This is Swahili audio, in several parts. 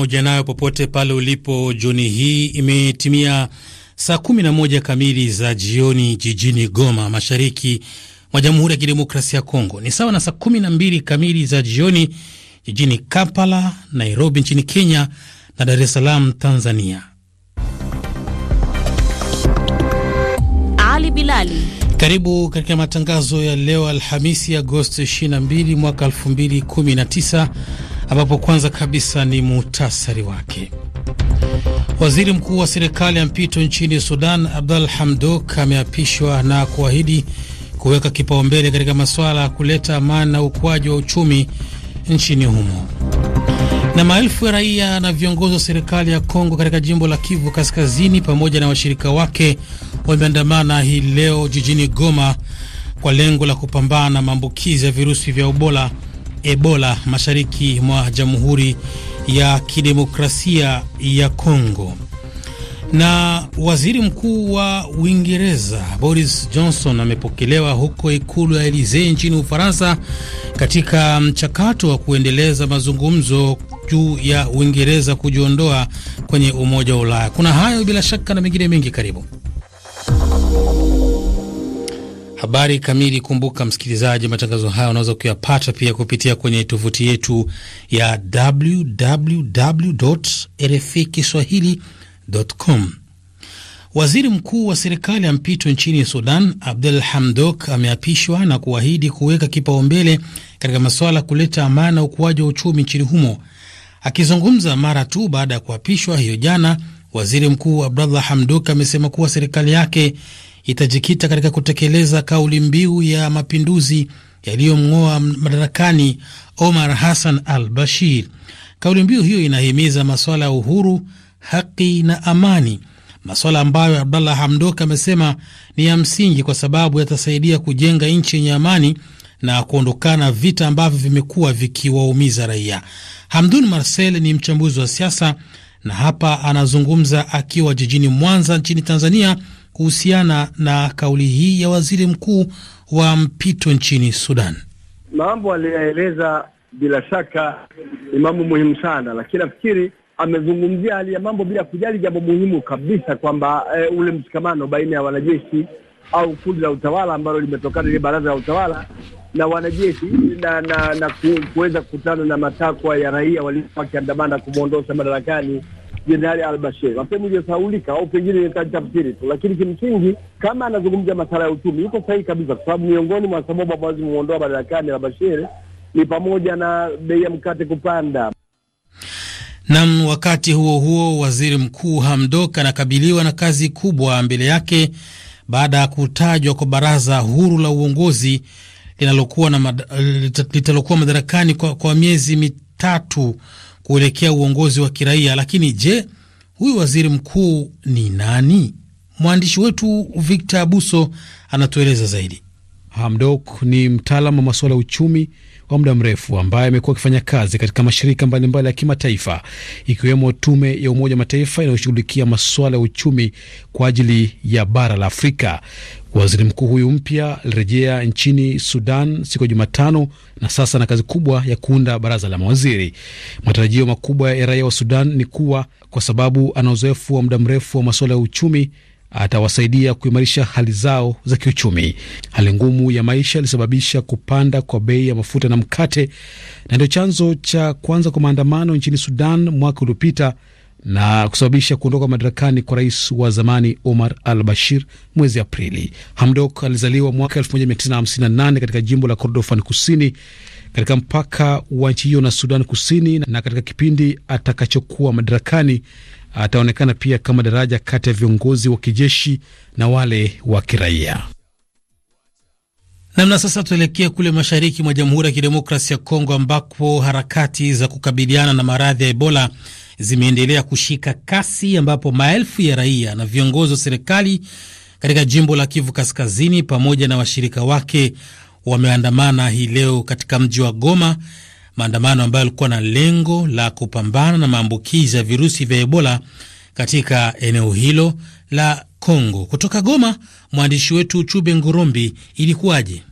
pamoja nayo popote pale ulipo. Jioni hii imetimia saa 11 kamili za jioni jijini Goma, mashariki mwa Jamhuri ya Kidemokrasia ya Kongo, ni sawa na saa 12 kamili za jioni jijini Kampala, Nairobi nchini Kenya na Dar es Salaam Tanzania. Ali Bilali, karibu katika matangazo ya leo Alhamisi, Agosti 22 mwaka 2019 ambapo kwanza kabisa ni muhtasari wake. Waziri mkuu wa serikali ya mpito nchini Sudan, Abdal Hamdok, ameapishwa na kuahidi kuweka kipaumbele katika masuala ya kuleta amani na ukuaji wa uchumi nchini humo. Na maelfu ya raia na viongozi wa serikali ya Kongo katika jimbo la Kivu Kaskazini pamoja na washirika wake wameandamana hii leo jijini Goma kwa lengo la kupambana na maambukizi ya virusi vya Ebola Ebola mashariki mwa Jamhuri ya Kidemokrasia ya Kongo. Na waziri mkuu wa Uingereza Boris Johnson amepokelewa huko ikulu ya elisee nchini Ufaransa katika mchakato wa kuendeleza mazungumzo juu ya Uingereza kujiondoa kwenye Umoja wa Ulaya. Kuna hayo bila shaka na mengine mengi, karibu Habari kamili. Kumbuka msikilizaji, matangazo haya unaweza kuyapata pia kupitia kwenye tovuti yetu ya www RFI kiswahili.com. Waziri mkuu wa serikali ya mpito nchini Sudan, Abdul Hamdok, ameapishwa na kuahidi kuweka kipaumbele katika masuala kuleta amani na ukuaji wa uchumi nchini humo. Akizungumza mara tu baada ya kuapishwa hiyo jana, waziri mkuu Abdullah Hamdok amesema kuwa serikali yake itajikita katika kutekeleza kauli mbiu ya mapinduzi yaliyomng'oa madarakani Omar Hassan al Bashir. Kauli mbiu hiyo inahimiza masuala ya uhuru, haki na amani, masuala ambayo Abdallah Hamdok amesema ni ya msingi kwa sababu yatasaidia kujenga nchi yenye amani na kuondokana vita ambavyo vimekuwa vikiwaumiza raia. Hamdun Marcel ni mchambuzi wa siasa na hapa anazungumza akiwa jijini Mwanza nchini Tanzania kuhusiana na kauli hii ya waziri mkuu wa mpito nchini Sudan. Mambo aliyoeleza bila shaka ni mambo muhimu sana, lakini nafikiri amezungumzia hali ya mambo bila kujali jambo muhimu kabisa kwamba e, ule mshikamano baina ya wanajeshi au kundi la utawala ambalo limetokana ile baraza la utawala na wanajeshi na na, na ku, kuweza kukutana na matakwa ya raia waliokuwa wakiandamana kumwondosha madarakani Jenerali Al Bashir. Mapema iliyosaulika au pengine nitafsiri tu, lakini kimsingi, kama anazungumza masuala ya uchumi, yuko sahihi kabisa, kwa sababu miongoni mwa sababu ambazo zimeondoa madarakani Al Bashir ni pamoja na bei ya mkate kupanda. Nam. Wakati huo huo, waziri mkuu Hamdok anakabiliwa na kazi kubwa mbele yake baada ya kutajwa kwa baraza huru la uongozi linalokuwa na mad litalokuwa madarakani kwa, kwa miezi mitatu kuelekea uongozi wa kiraia. Lakini je, huyu waziri mkuu ni nani? Mwandishi wetu Victor Abuso anatueleza zaidi. Hamdok ni mtaalamu wa masuala ya uchumi wa muda mrefu ambaye amekuwa akifanya kazi katika mashirika mbalimbali ya kimataifa ikiwemo tume ya Umoja wa Mataifa inayoshughulikia masuala ya uchumi kwa ajili ya bara la Afrika. Waziri mkuu huyu mpya alirejea nchini Sudan siku ya Jumatano na sasa na kazi kubwa ya kuunda baraza la mawaziri. Matarajio makubwa ya raia wa Sudan ni kuwa, kwa sababu ana uzoefu wa muda mrefu wa masuala ya uchumi atawasaidia kuimarisha hali zao za kiuchumi. Hali ngumu ya maisha ilisababisha kupanda kwa bei ya mafuta na mkate, na ndio chanzo cha kwanza kwa maandamano nchini Sudan mwaka uliopita na kusababisha kuondoka madarakani kwa rais wa zamani Omar al Bashir mwezi Aprili. Hamdok alizaliwa mwaka 1958 katika jimbo la Kordofan Kusini, katika mpaka wa nchi hiyo na Sudan Kusini, na katika kipindi atakachokuwa madarakani ataonekana pia kama daraja kati ya viongozi wa kijeshi na wale wa kiraia. Namna sasa, tuelekee kule mashariki mwa Jamhuri ya Kidemokrasi ya Kongo ambapo harakati za kukabiliana na maradhi ya Ebola zimeendelea kushika kasi, ambapo maelfu ya raia na viongozi wa serikali katika jimbo la Kivu Kaskazini pamoja na washirika wake wameandamana hii leo katika mji wa Goma maandamano ambayo yalikuwa na lengo la kupambana na maambukizi ya virusi vya Ebola katika eneo hilo la congo Kutoka Goma, mwandishi wetu Chube Ngurombi, ilikuwaje?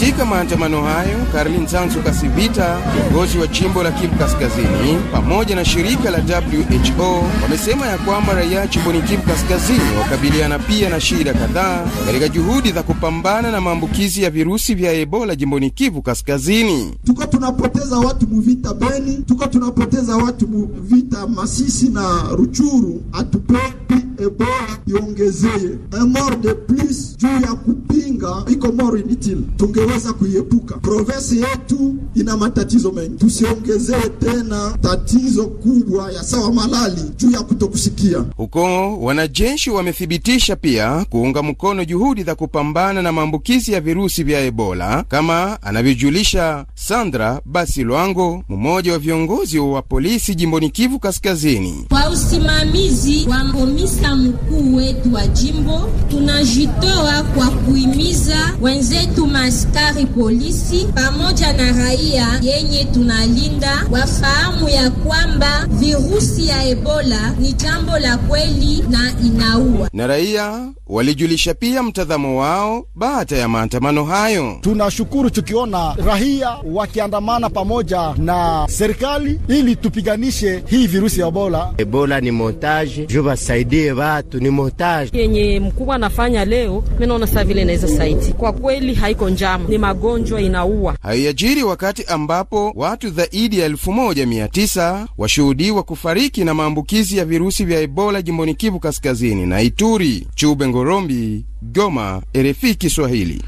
Katika maandamano hayo, Karlin Zanzu Kasivita, kiongozi wa jimbo la Kivu Kaskazini, pamoja na shirika la WHO wamesema ya kwamba raia jimboni Kivu Kaskazini wakabiliana pia na shida kadhaa katika juhudi za kupambana na maambukizi ya virusi vya Ebola jimboni Kivu Kaskazini. Tuko tunapoteza watu muvita Beni, tuko tunapoteza watu muvita Masisi na Ruchuru, hatupeki Ebola eh, iongezeye eh, mort de plus juu ya kupinga iko mort inutile, tungeweza kuiepuka. provensi yetu ina matatizo mengi, tusiongezee tena tatizo kubwa ya sawa malali juu ya kutokusikia. Huko wanajeshi wamethibitisha pia kuunga mkono juhudi za kupambana na maambukizi ya virusi vya Ebola, kama anavyojulisha Sandra Basi Lwango, mmoja wa viongozi wa polisi jimboni Kivu Kaskazini. Kwa usimamizi wa mbomisi afisa mkuu wetu wa jimbo, tunajitoa kwa kuimiza wenzetu maaskari polisi pamoja na raia yenye tunalinda wafahamu ya kwamba virusi ya Ebola ni jambo la kweli na inaua. Na raia walijulisha pia mtazamo wao baada ya maandamano hayo. Tunashukuru tukiona raia wakiandamana pamoja na serikali ili tupiganishe hii virusi ya Ebola. Ebola ni montage, jo basaidie watu ni motaji yenye mkubwa anafanya leo. Mimi naona sasa vile inaweza saiti, kwa kweli haiko njama, ni magonjwa inaua. Haiajiri wakati ambapo watu zaidi ya elfu moja mia tisa washuhudiwa kufariki na maambukizi ya virusi vya Ebola jimboni Kivu Kaskazini na Ituri. Chube Ngorombi, Goma, RFI Kiswahili.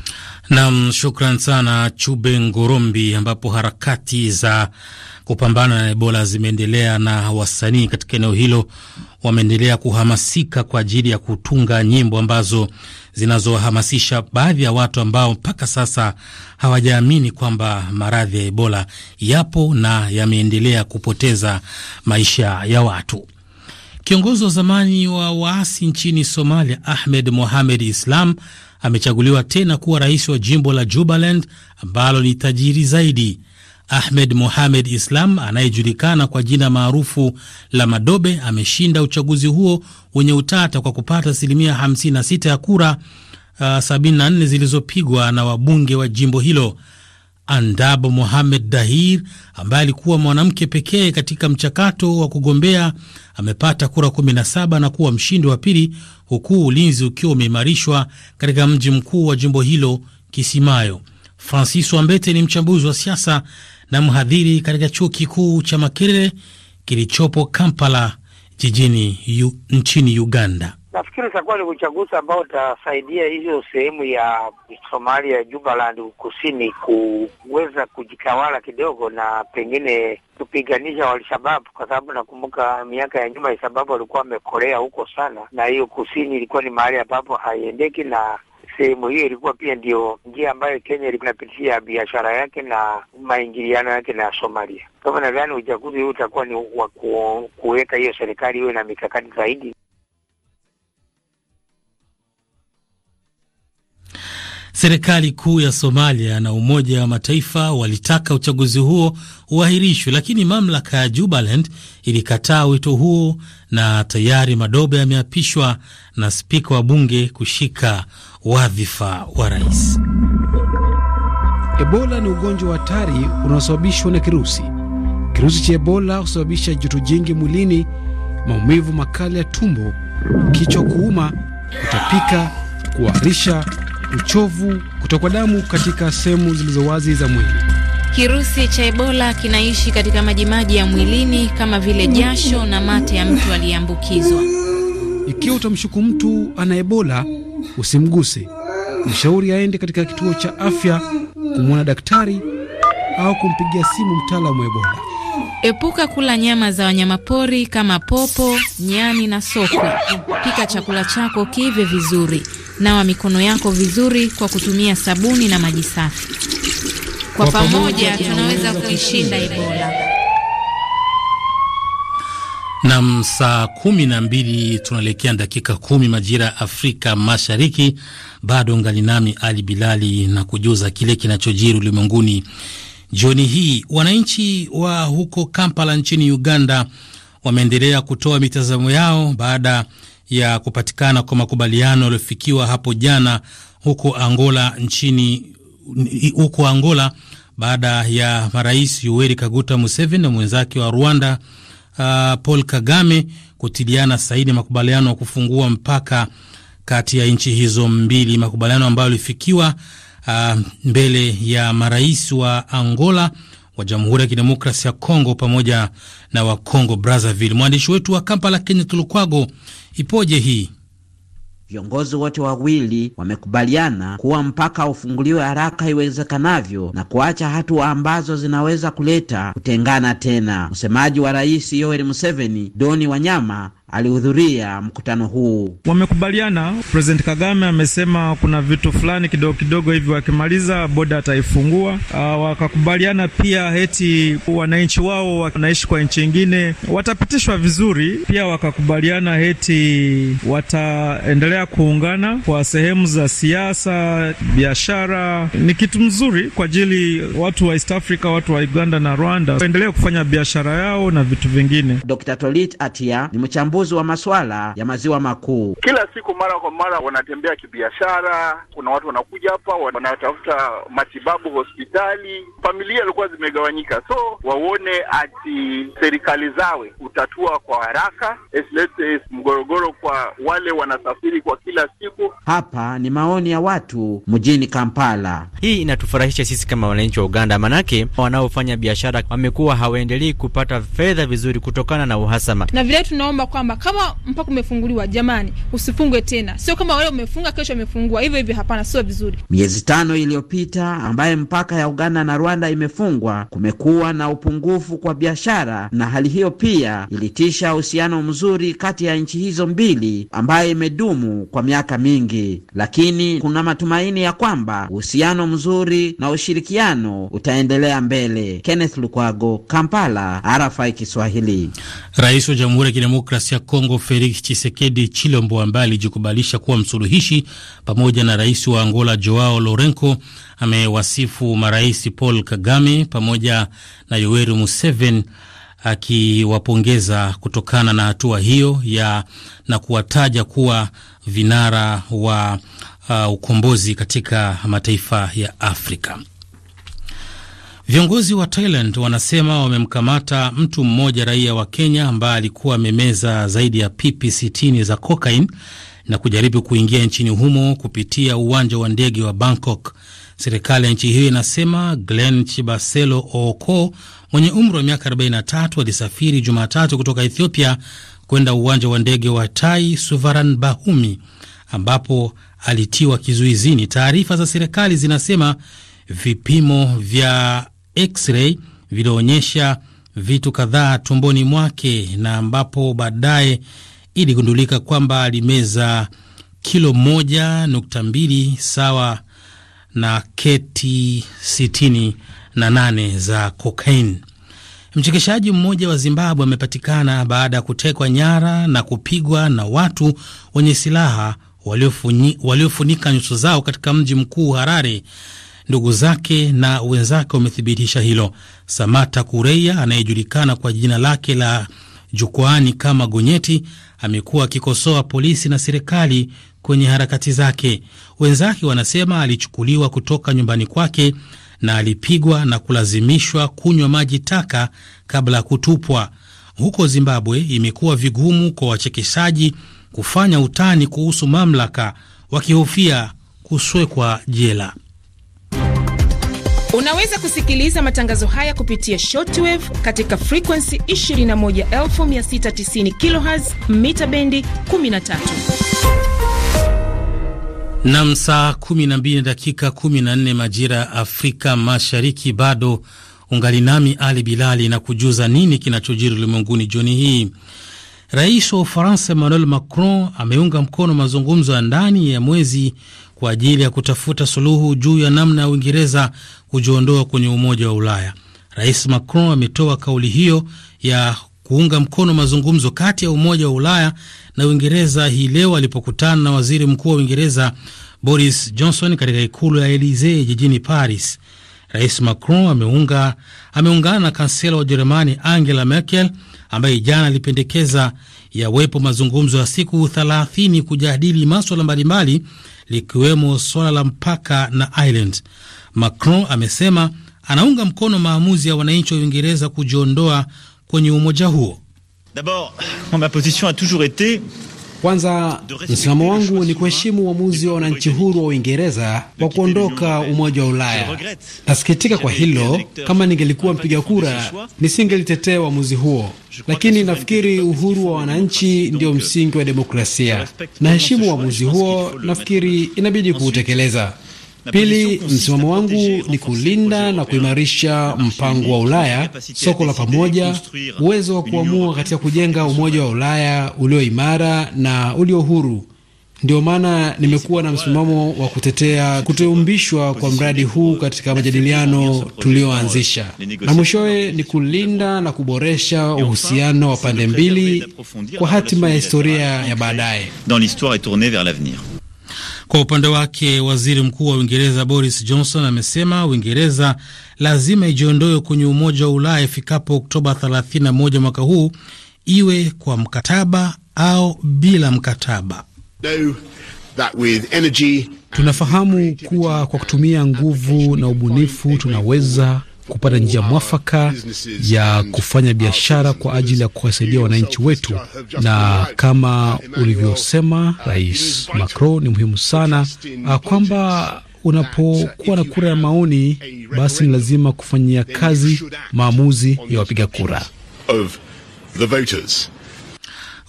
Nam, shukran sana Chube Ngorombi, ambapo harakati za kupambana na Ebola zimeendelea na wasanii katika eneo hilo wameendelea kuhamasika kwa ajili ya kutunga nyimbo ambazo zinazohamasisha baadhi ya watu ambao mpaka sasa hawajaamini kwamba maradhi ya Ebola yapo na yameendelea kupoteza maisha ya watu. Kiongozi wa zamani wa waasi nchini Somalia, Ahmed Mohamed Islam amechaguliwa tena kuwa rais wa jimbo la Jubaland ambalo ni tajiri zaidi Ahmed Mohamed Islam anayejulikana kwa jina maarufu la Madobe ameshinda uchaguzi huo wenye utata kwa kupata asilimia 56 ya kura uh, 74 zilizopigwa na wabunge wa jimbo hilo. andab Mohamed Dahir ambaye alikuwa mwanamke pekee katika mchakato wa kugombea amepata kura 17 na kuwa mshindi wa pili, huku ulinzi ukiwa umeimarishwa katika mji mkuu wa jimbo hilo Kisimayo. Francis Wambete ni mchambuzi wa siasa na mhadhiri katika chuo kikuu cha Makerere kilichopo Kampala jijini yu, nchini Uganda. Nafikiri itakuwa ni uchaguzi ambao utasaidia hiyo sehemu ya Somalia, Jubaland kusini kuweza kujitawala kidogo na pengine kupiganisha walshababu kwa sababu nakumbuka miaka ya nyuma Alshababu walikuwa wamekorea huko sana, na hiyo kusini ilikuwa ni mahali ambapo haiendeki na sehemu hiyo ilikuwa pia ndio njia ambayo Kenya ilikuwa inapitia biashara yake na maingiliano yake na Somalia. Kwa hivyo nadhani uchaguzi huu utakuwa ni wa kuweka hiyo serikali iwe na mikakati zaidi. Serikali kuu ya Somalia na Umoja wa Mataifa walitaka uchaguzi huo uahirishwe, lakini mamlaka ya Jubaland ilikataa wito huo, na tayari Madobe yameapishwa na spika wa bunge kushika wadhifa wa rais. Ebola ni ugonjwa wa hatari unaosababishwa na kirusi. Kirusi cha Ebola husababisha joto jingi mwilini, maumivu makali ya tumbo, kichwa kuuma, kutapika, kuharisha uchovu, kutokwa damu katika sehemu zilizo wazi za mwili. Kirusi cha Ebola kinaishi katika majimaji ya mwilini kama vile jasho na mate ya mtu aliyeambukizwa. Ikiwa utamshuku mtu ana Ebola, usimguse. Mshauri aende katika kituo cha afya kumwona daktari au kumpigia simu mtaalamu wa Ebola. Epuka kula nyama za wanyamapori kama popo, nyani na sokwe. Pika chakula chako kive vizuri nawa mikono yako vizuri kwa kutumia sabuni na maji safi. Kwa pamoja tunaweza kuishinda Ebola. Nam, saa kumi na mbili tunaelekea dakika kumi majira ya Afrika Mashariki. Bado ngali nami Ali Bilali na kujuza kile kinachojiri ulimwenguni jioni hii. Wananchi wa huko Kampala nchini Uganda wameendelea kutoa mitazamo yao baada ya kupatikana kwa makubaliano yaliyofikiwa hapo jana huko Angola nchini huko Angola baada ya marais Yoweri Kaguta Museveni na mwenzake wa Rwanda uh, Paul Kagame kutiliana saini makubaliano ya kufungua mpaka kati ya nchi hizo mbili, makubaliano ambayo yalifikiwa uh, mbele ya marais wa Angola wa Jamhuri ya Kidemokrasi ya Kongo pamoja na wa Kongo Brazzaville. Mwandishi wetu wa Kampala, Kenya Tulukwago, ipoje hii? Viongozi wote wawili wamekubaliana kuwa mpaka ufunguliwe haraka iwezekanavyo na kuacha hatua ambazo zinaweza kuleta kutengana tena. Msemaji wa rais Yoweri Museveni, Doni Wanyama, alihudhuria mkutano huu. Wamekubaliana, President Kagame amesema kuna vitu fulani kidogo kidogo hivi, wakimaliza boda ataifungua. Ah, wakakubaliana pia heti wananchi wao wanaishi kwa nchi ingine watapitishwa vizuri. Pia wakakubaliana heti wataendelea kuungana kwa sehemu za siasa, biashara. Ni kitu mzuri kwa ajili watu wa East Africa, watu wa Uganda na Rwanda waendelee kufanya biashara yao na vitu vingine. Dr. Tolit Atia ni mchambuzi wachambuzi wa masuala ya maziwa makuu. Kila siku mara kwa mara wanatembea kibiashara, kuna watu wanakuja hapa wanatafuta matibabu hospitali. Familia ilikuwa zimegawanyika, so waone ati serikali zawe utatua kwa haraka mgorogoro kwa wale wanasafiri kwa kila siku. Hapa ni maoni ya watu mjini Kampala. Hii inatufurahisha sisi kama wananchi wa Uganda, manake wanaofanya biashara wamekuwa hawaendelei kupata fedha vizuri kutokana na uhasama, na vile tunaomba kwa kwamba kama mpaka umefunguliwa, jamani, usifungwe tena, sio kama wale umefunga kesho umefungua hivyo hivyo. Hapana, sio vizuri. Miezi tano iliyopita ambaye mpaka ya Uganda na Rwanda imefungwa, kumekuwa na upungufu kwa biashara, na hali hiyo pia ilitisha uhusiano mzuri kati ya nchi hizo mbili ambaye imedumu kwa miaka mingi, lakini kuna matumaini ya kwamba uhusiano mzuri na ushirikiano utaendelea mbele. Kenneth Lukwago, Kampala, RFI Kiswahili. Rais wa Jamhuri ya Kidemokrasia cha Kongo Felix Chisekedi Chilombo, ambaye alijikubalisha kuwa msuluhishi, pamoja na rais wa Angola Joao Lourenco, amewasifu marais Paul Kagame pamoja na Yoweri Museveni akiwapongeza kutokana na hatua hiyo ya na kuwataja kuwa vinara wa uh, ukombozi katika mataifa ya Afrika. Viongozi wa Thailand wanasema wamemkamata mtu mmoja raia wa Kenya ambaye alikuwa amemeza zaidi ya pipi sitini za cocaine na kujaribu kuingia nchini humo kupitia uwanja wa ndege wa Bangkok. Serikali ya nchi hiyo inasema Glen Chibaselo Ooko mwenye umri wa miaka 43 alisafiri Jumatatu kutoka Ethiopia kwenda uwanja wa ndege wa Tai suvaran bahumi ambapo alitiwa kizuizini. Taarifa za serikali zinasema vipimo vya x-ray vilionyesha vitu kadhaa tumboni mwake na ambapo baadaye iligundulika kwamba alimeza kilo moja nukta mbili sawa na keti sitini na nane za kokaini. Mchekeshaji mmoja wa Zimbabwe amepatikana baada ya kutekwa nyara na kupigwa na watu wenye silaha waliofunika nyuso zao katika mji mkuu Harare. Ndugu zake na wenzake wamethibitisha hilo. Samata Kureya anayejulikana kwa jina lake la jukwaani kama Gonyeti amekuwa akikosoa polisi na serikali kwenye harakati zake. Wenzake wanasema alichukuliwa kutoka nyumbani kwake na alipigwa na kulazimishwa kunywa maji taka kabla ya kutupwa. Huko Zimbabwe imekuwa vigumu kwa wachekeshaji kufanya utani kuhusu mamlaka wakihofia kuswekwa jela. Unaweza kusikiliza matangazo haya kupitia shortwave katika frekuensi 21690 kHz mita bendi 13 na saa 12 dakika 14 majira ya Afrika Mashariki. Bado ungali nami Ali Bilali na kujuza nini kinachojiri ulimwenguni jioni hii. Rais wa Ufaransa Emmanuel Macron ameunga mkono mazungumzo ya ndani ya mwezi kwa ajili ya kutafuta suluhu juu ya namna ya Uingereza kujiondoa kwenye Umoja wa Ulaya. Rais Macron ametoa kauli hiyo ya kuunga mkono mazungumzo kati ya Umoja wa Ulaya na Uingereza hii leo alipokutana na Waziri Mkuu wa Uingereza Boris Johnson katika ikulu ya Elisee jijini Paris. Rais Macron ameunga, ameungana na kansela wa Ujerumani Angela Merkel ambaye jana alipendekeza yawepo mazungumzo ya siku 30 kujadili maswala mbalimbali likiwemo suala la mpaka na Ireland. Macron amesema anaunga mkono maamuzi ya wananchi wa Uingereza kujiondoa kwenye umoja huo. D'abord, ma position a toujours été kwanza, msimamo wangu ni kuheshimu uamuzi wa wananchi huru wa Uingereza wa kuondoka Umoja wa Ulaya. Nasikitika kwa hilo. Kama ningelikuwa mpiga kura, nisingelitetea uamuzi huo, lakini nafikiri uhuru wa wananchi ndio msingi wa demokrasia. Naheshimu uamuzi huo, nafikiri inabidi kuutekeleza. Pili, msimamo wangu ni kulinda na kuimarisha mpango wa Ulaya, soko la pamoja, uwezo wa kuamua katika kujenga umoja wa Ulaya ulio imara na ulio huru. Ndio maana nimekuwa na msimamo wa kutetea kuteumbishwa kwa mradi huu katika majadiliano tulioanzisha na mwishowe ni kulinda na kuboresha uhusiano wa pande mbili kwa hatima ya historia ya baadaye. Kwa upande wake, waziri mkuu wa Uingereza Boris Johnson amesema Uingereza lazima ijiondoe kwenye Umoja wa Ulaya ifikapo Oktoba 31 mwaka huu, iwe kwa mkataba au bila mkataba. Tunafahamu kuwa kwa kutumia nguvu na ubunifu tunaweza kupata njia mwafaka ya kufanya biashara kwa ajili ya kuwasaidia wananchi wetu, na kama ulivyosema Rais Macron, ni muhimu sana ah, kwamba unapokuwa na kura ya maoni, basi ni lazima kufanyia kazi maamuzi ya wapiga kura.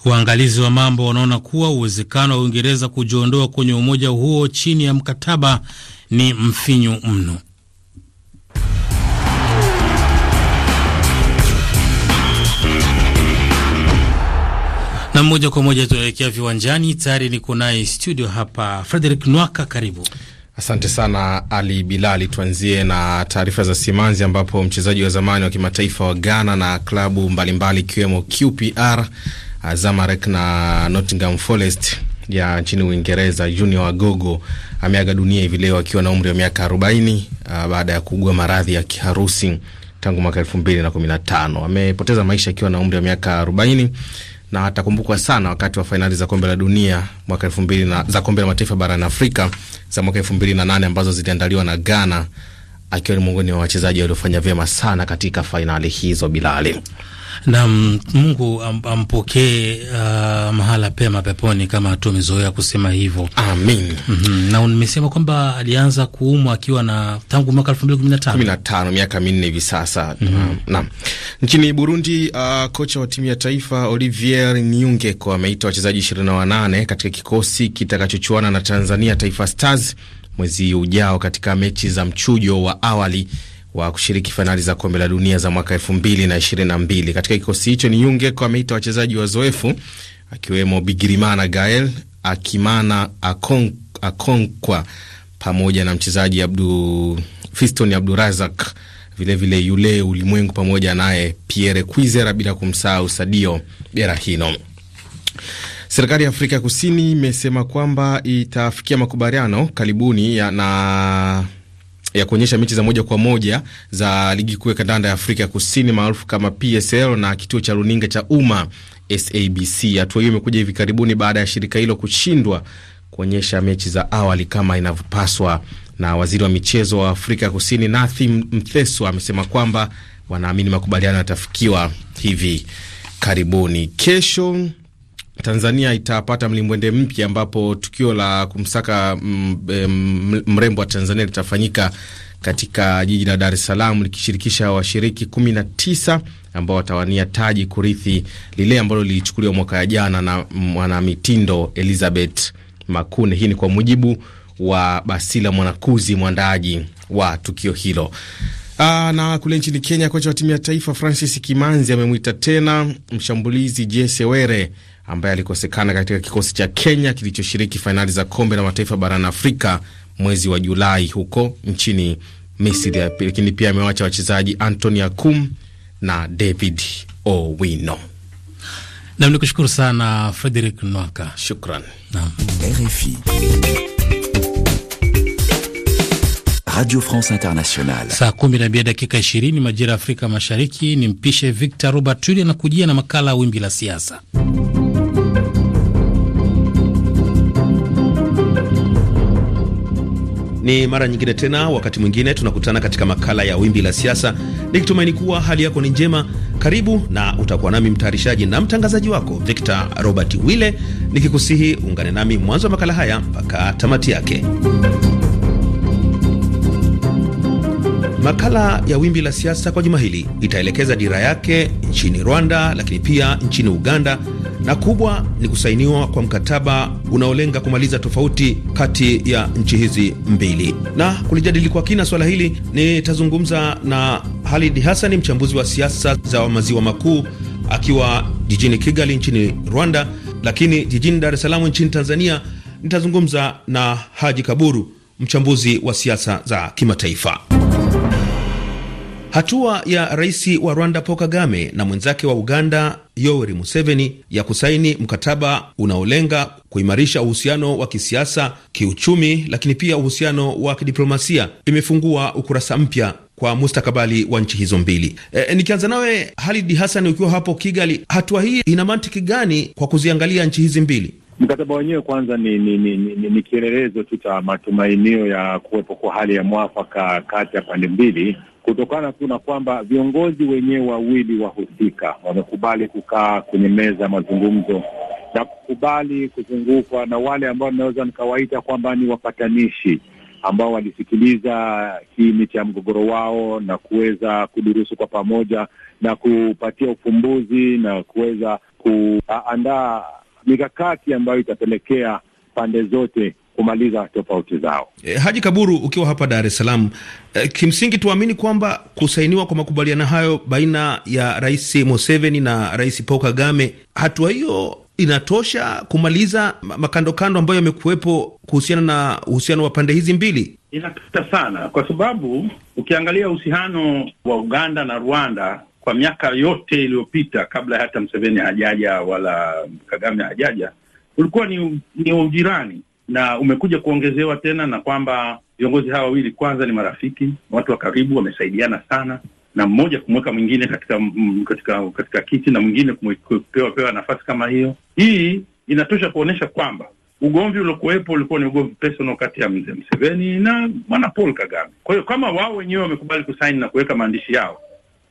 Waangalizi wa mambo wanaona kuwa uwezekano wa Uingereza kujiondoa kwenye umoja huo chini ya mkataba ni mfinyu mno. Na moja kwa moja tunaelekea viwanjani, tayari niko naye studio hapa Frederick Nwaka, karibu. Asante sana Ali Bilali, tuanzie na taarifa za simanzi ambapo mchezaji wa zamani wa kimataifa wa Ghana na klabu mbalimbali ikiwemo QPR, Zamalek na Nottingham Forest ya nchini Uingereza, Junior Wagogo ameaga dunia hivi leo akiwa na umri wa miaka 40 ah, baada ya kuugua maradhi ya kiharusi tangu mwaka 2015. Amepoteza maisha akiwa na umri wa miaka 40 na atakumbukwa sana wakati wa fainali za kombe la dunia mwaka elfu mbili na, za kombe la mataifa barani Afrika za mwaka elfu mbili na nane ambazo ziliandaliwa na Ghana, akiwa ni miongoni mwa wachezaji waliofanya vyema sana katika fainali hizo. Bilali na Mungu ampokee uh, mahala pema peponi kama tumezoea kusema hivyo amin. mm -hmm. Na nimesema kwamba alianza kuumwa akiwa na tangu mwaka elfu mbili tano tano miaka minne hivi sasa. mm -hmm. Na nchini Burundi uh, kocha wa timu ya taifa Olivier Niungeko ameita wachezaji ishirini na wanane katika kikosi kitakachochuana na Tanzania Taifa Stars mwezi ujao katika mechi za mchujo wa awali wa kushiriki fainali za kombe la dunia za mwaka elfu mbili na ishirini na mbili. Katika kikosi hicho ni Yungeko ameita wachezaji wazoefu akiwemo Bigirimana Gael Akimana Akonkwa pamoja na mchezaji Abdu, Fiston Abdurazak vilevile vile yule ulimwengu pamoja naye Pierre Kwizera bila kumsahau Sadio Berahino. Serikali ya Afrika Kusini imesema kwamba itafikia makubaliano karibuni na ya kuonyesha mechi za moja kwa moja za ligi kuu ya kandanda ya Afrika ya Kusini maarufu kama PSL na kituo cha runinga cha umma SABC. Hatua hiyo imekuja hivi karibuni baada ya shirika hilo kushindwa kuonyesha mechi za awali kama inavyopaswa, na waziri wa michezo wa Afrika ya Kusini Nathi mtheso amesema kwamba wanaamini makubaliano yatafikiwa hivi karibuni. Kesho Tanzania itapata mlimbwende mpya ambapo tukio la kumsaka mm, mrembo wa Tanzania litafanyika katika jiji la Dar es Salaam likishirikisha washiriki kumi na tisa ambao watawania taji kurithi lile ambalo lilichukuliwa mwaka jana na mwanamitindo Elizabeth Makune. Hii ni kwa mujibu wa Basila Mwanakuzi, mwandaaji wa tukio hilo. Aa, ah, na kule nchini Kenya, kocha wa timu ya taifa Francis Kimanzi amemwita tena mshambulizi Jesse Were ambaye alikosekana katika kikosi cha Kenya kilichoshiriki fainali za kombe la mataifa barani Afrika mwezi wa Julai huko nchini Misri, lakini pia amewacha wachezaji antony Akum na David Owino. Nam ni kushukuru sana Frederick Nwaka, shukran. RFI Radio France Internationale. Saa kumi na mbili dakika ishirini majira ya Afrika Mashariki. Ni mpishe Victor Robert Tuli anakujia na makala ya wimbi la siasa. Ni mara nyingine tena, wakati mwingine tunakutana katika makala ya Wimbi la Siasa, nikitumaini kuwa hali yako ni njema. Karibu na utakuwa nami mtayarishaji na mtangazaji wako Victor Robert Wille, nikikusihi uungane nami mwanzo wa makala haya mpaka tamati yake. Makala ya Wimbi la Siasa kwa juma hili itaelekeza dira yake nchini Rwanda, lakini pia nchini Uganda na kubwa ni kusainiwa kwa mkataba unaolenga kumaliza tofauti kati ya nchi hizi mbili. Na kulijadili kwa kina swala hili nitazungumza na Halid Hassani, mchambuzi wa siasa za maziwa makuu akiwa jijini Kigali nchini Rwanda, lakini jijini Dar es Salaam nchini Tanzania nitazungumza na Haji Kaburu, mchambuzi wa siasa za kimataifa. Hatua ya rais wa Rwanda Paul Kagame na mwenzake wa Uganda Yoweri Museveni ya kusaini mkataba unaolenga kuimarisha uhusiano wa kisiasa, kiuchumi, lakini pia uhusiano wa kidiplomasia imefungua ukurasa mpya kwa mustakabali wa nchi hizo mbili. E, e nikianza nawe Halidi Hassan, ukiwa hapo Kigali, hatua hii ina mantiki gani kwa kuziangalia nchi hizi mbili? Mkataba wenyewe kwanza ni ni, ni, ni, ni kielelezo tu cha matumainio ya kuwepo kwa hali ya mwafaka kati ya pande mbili kutokana tu na kwamba viongozi wenyewe wawili wahusika wamekubali kukaa kwenye meza ya mazungumzo na kukubali kuzungukwa na wale ambao naweza nikawaita kwamba ni wapatanishi ambao walisikiliza kiini cha mgogoro wao na kuweza kudurusu kwa pamoja na kupatia ufumbuzi na kuweza kuandaa mikakati ambayo itapelekea pande zote kumaliza tofauti zao. E, Haji Kaburu, ukiwa hapa Dar es Salaam, e, kimsingi tuamini kwamba kusainiwa kwa makubaliano hayo baina ya Rais Museveni na Rais Paul Kagame, hatua hiyo inatosha kumaliza makandokando ambayo yamekuwepo kuhusiana na uhusiano wa pande hizi mbili. Inatosha sana, kwa sababu ukiangalia uhusiano wa Uganda na Rwanda kwa miaka yote iliyopita kabla hata Mseveni hajaja wala Kagame hajaja ulikuwa ni, ni ujirani na umekuja kuongezewa tena na kwamba viongozi hawa wawili kwanza ni marafiki, watu wa karibu, wamesaidiana sana, na mmoja kumweka mwingine katika mm, katika katika kiti na mwingine kupewa pewa nafasi kama hiyo. Hii inatosha kuonyesha kwamba ugomvi uliokuwepo ulikuwa ni ugomvi personal kati ya mzee Mseveni na bwana Paul Kagame. Kwa hiyo kama wao wenyewe wamekubali kusaini na kuweka maandishi yao,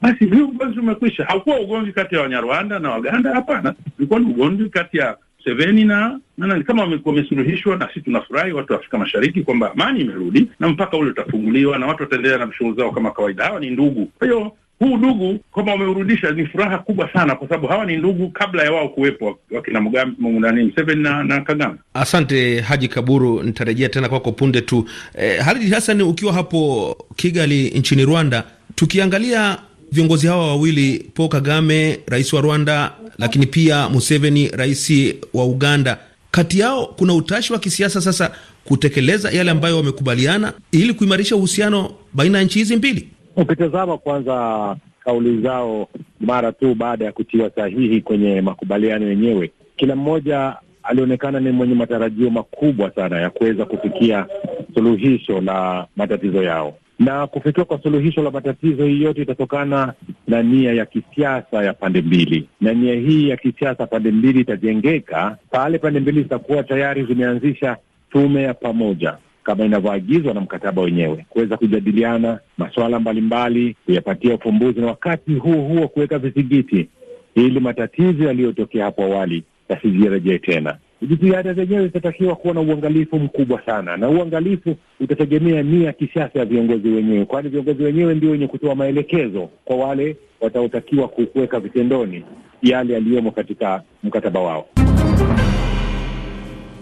basi hiyo ugomvi umekwisha. Haukuwa ugomvi kati ya Wanyarwanda na Waganda, hapana, ulikuwa ni ugomvi kati ya Museveni na, na, ni kama wamesuluhishwa, na sisi tunafurahi watu wa Afrika Mashariki kwamba amani imerudi na mpaka ule utafunguliwa na watu wataendelea na shughuli zao kama kawaida. Hawa ni ndugu, kwa hiyo huu ndugu kama wameurudisha ni furaha kubwa sana, kwa sababu hawa ni ndugu kabla ya wao kuwepo wakina Mugambe, Museveni na, na Kagame. Asante Haji Kaburu, nitarejea tena kwako punde tu. Eh, Halid Hassan, ukiwa hapo Kigali nchini Rwanda, tukiangalia Viongozi hawa wawili, Paul Kagame, rais wa Rwanda, lakini pia Museveni, rais wa Uganda, kati yao kuna utashi wa kisiasa sasa kutekeleza yale ambayo wamekubaliana ili kuimarisha uhusiano baina ya nchi hizi mbili. Ukitazama kwanza kauli zao mara tu baada ya kutiwa sahihi kwenye makubaliano yenyewe, kila mmoja alionekana ni mwenye matarajio makubwa sana ya kuweza kufikia suluhisho la matatizo yao na kufikiwa kwa suluhisho la matatizo hii yote itatokana na nia ya kisiasa ya pande mbili, na nia hii ya kisiasa pande mbili itajengeka pale pande mbili zitakuwa tayari zimeanzisha tume ya pamoja kama inavyoagizwa na mkataba wenyewe kuweza kujadiliana masuala mbalimbali, kuyapatia ufumbuzi, na wakati huo huo kuweka vizingiti ili matatizo yaliyotokea hapo awali yasijirejee tena jitihada zenyewe zitatakiwa kuwa na uangalifu mkubwa sana, na uangalifu utategemea nia ya kisiasa ya viongozi wenyewe, kwani viongozi wenyewe ndio wenye kutoa maelekezo kwa wale wataotakiwa kuweka vitendoni yale yaliyomo katika mkataba wao.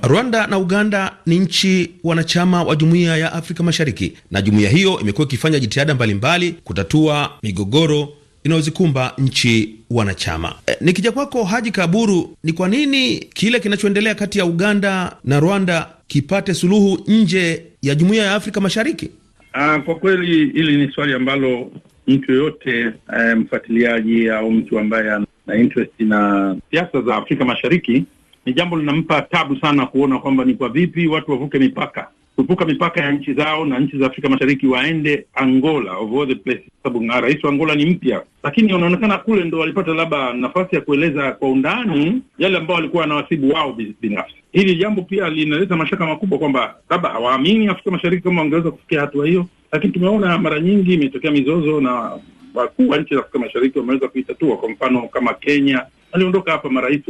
Rwanda na Uganda ni nchi wanachama wa Jumuiya ya Afrika Mashariki, na jumuiya hiyo imekuwa ikifanya jitihada mbalimbali kutatua migogoro inayozikumba nchi wanachama. E, nikija kwako Haji Kaburu, ni kwa nini kile kinachoendelea kati ya Uganda na Rwanda kipate suluhu nje ya jumuiya ya Afrika Mashariki? Aa, ah, kwa kweli hili ni swali ambalo mtu yoyote e, mfuatiliaji au mtu ambaye ana interest na siasa za Afrika Mashariki ni jambo linampa tabu sana kuona kwamba ni kwa vipi watu wavuke mipaka kuvuka mipaka ya nchi zao na nchi za Afrika Mashariki waende Angola, of all the places, sababu rais wa Angola ni mpya, lakini wanaonekana kule ndo walipata labda nafasi ya kueleza kwa undani yale ambao walikuwa wanawasibu wao binafsi. Hili jambo pia linaleta mashaka makubwa kwamba labda hawaamini Afrika Mashariki kama wangeweza kufikia hatua hiyo, lakini tumeona mara nyingi imetokea mizozo na wakuu wa nchi za Afrika Mashariki wameweza kuitatua. Kwa mfano kama Kenya, aliondoka hapa marais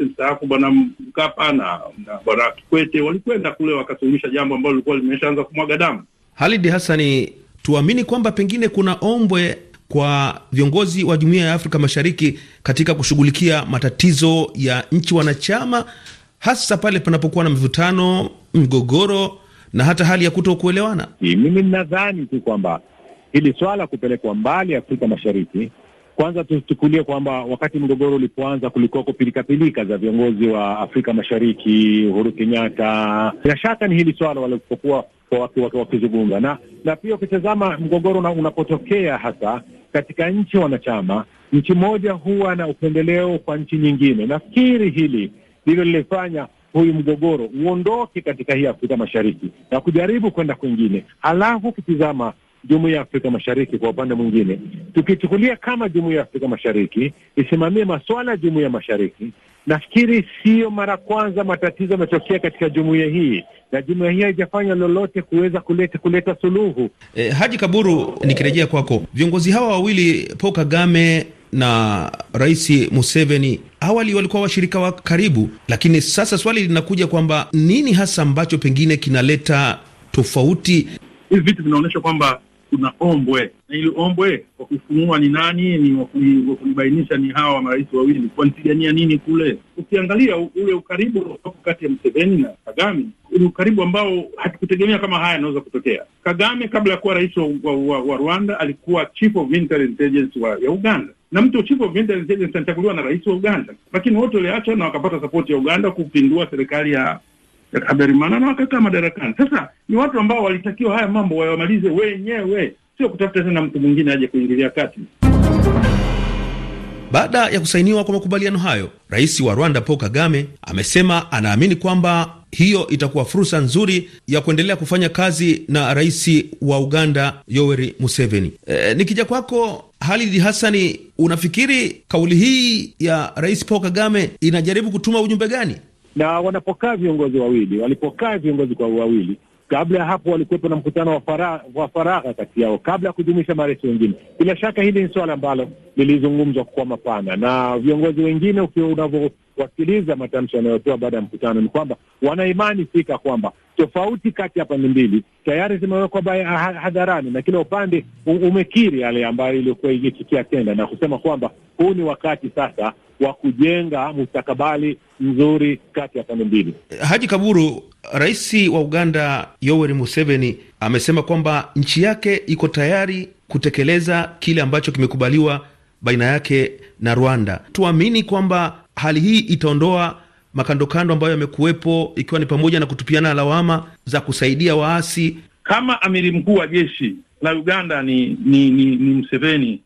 mstaafu Bwana Mkapa na, Bwana Kikwete walikwenda kule wakasuluhisha jambo ambalo lilikuwa limeshaanza kumwaga damu. Halidi Hassani, tuamini kwamba pengine kuna ombwe kwa viongozi wa Jumuiya ya Afrika Mashariki katika kushughulikia matatizo ya nchi wanachama, hasa pale panapokuwa na mivutano, mgogoro na hata hali ya kutokuelewana. Mimi nadhani tu kwamba hili swala kupelekwa mbali Afrika Mashariki. Kwanza tuchukulie kwamba wakati mgogoro ulipoanza kulikuwako pilikapilika za viongozi wa Afrika Mashariki, Uhuru Kenyatta, bila shaka ni hili swala walipokuwa wakizungumza na na pia ukitazama mgogoro unapotokea hasa katika nchi wanachama, nchi moja huwa na upendeleo kwa nchi nyingine. Nafikiri hili ndilo lilifanya huyu mgogoro uondoke katika hii Afrika Mashariki na kujaribu kwenda kwingine. Halafu ukitizama jumuiya ya Afrika Mashariki kwa upande mwingine, tukichukulia kama jumuiya ya Afrika Mashariki isimamie masuala ya jumuiya mashariki, nafikiri siyo mara kwanza matatizo yametokea katika jumuiya hii na jumuiya hii haijafanya lolote kuweza kuleta kuleta suluhu. Eh, Haji Kaburu, nikirejea kwako, viongozi hawa wawili Paul Kagame na Rais Museveni awali walikuwa washirika wa karibu, lakini sasa swali linakuja kwamba nini hasa ambacho pengine kinaleta tofauti. Hivi vitu vinaonyesha kwamba kuna ombwe, na ili ombwe kufunua ni nani? Ni wakulibainisha ni hawa marais wawili, wanipigania nini kule? Ukiangalia ule ukaribu kati ya Mseveni na Kagame ni ukaribu ambao hatukutegemea kama haya yanaweza kutokea. Kagame kabla ya kuwa rais wa, wa, wa, wa Rwanda alikuwa chief of intelligence wa ya Uganda na mtu chief of intelligence alichaguliwa na rais wa Uganda, lakini wote waliacha na wakapata sapoti ya Uganda kupindua serikali ya Habyarimana wakakaa madarakani. Sasa ni watu ambao walitakiwa haya mambo wayamalize wenyewe, sio kutafuta tena mtu mwingine aje kuingilia kati. Baada ya kusainiwa kwa makubaliano hayo, rais wa Rwanda Paul Kagame amesema anaamini kwamba hiyo itakuwa fursa nzuri ya kuendelea kufanya kazi na rais wa Uganda Yoweri Museveni. E, nikija kwako Halidi Hassani, unafikiri kauli hii ya rais Paul Kagame inajaribu kutuma ujumbe gani? na wanapokaa viongozi wawili, walipokaa viongozi kwa wawili kabla ya hapo walikuwepo na mkutano wa faragha wa faragha kati yao kabla ya kujumuisha marais wengine. Bila shaka hili ni suala ambalo lilizungumzwa kwa mapana na viongozi wengine. Ukiwa unavyowasikiliza matamshi yanayotoa baada ya mkutano, ni kwamba wana imani fika kwamba tofauti kati ya pande mbili tayari zimewekwa hadharani na kila upande umekiri yale ambayo iliyokuwa ikitikia tenda na kusema kwamba huu ni wakati sasa wa kujenga mustakabali mzuri kati ya pande mbili. Haji Kaburu, rais wa Uganda Yoweri Museveni amesema kwamba nchi yake iko tayari kutekeleza kile ambacho kimekubaliwa baina yake na Rwanda. Tuamini kwamba hali hii itaondoa makandokando ambayo yamekuwepo, ikiwa ni pamoja na kutupiana lawama za kusaidia waasi. Kama amiri mkuu wa jeshi la Uganda ni, ni, ni, ni Museveni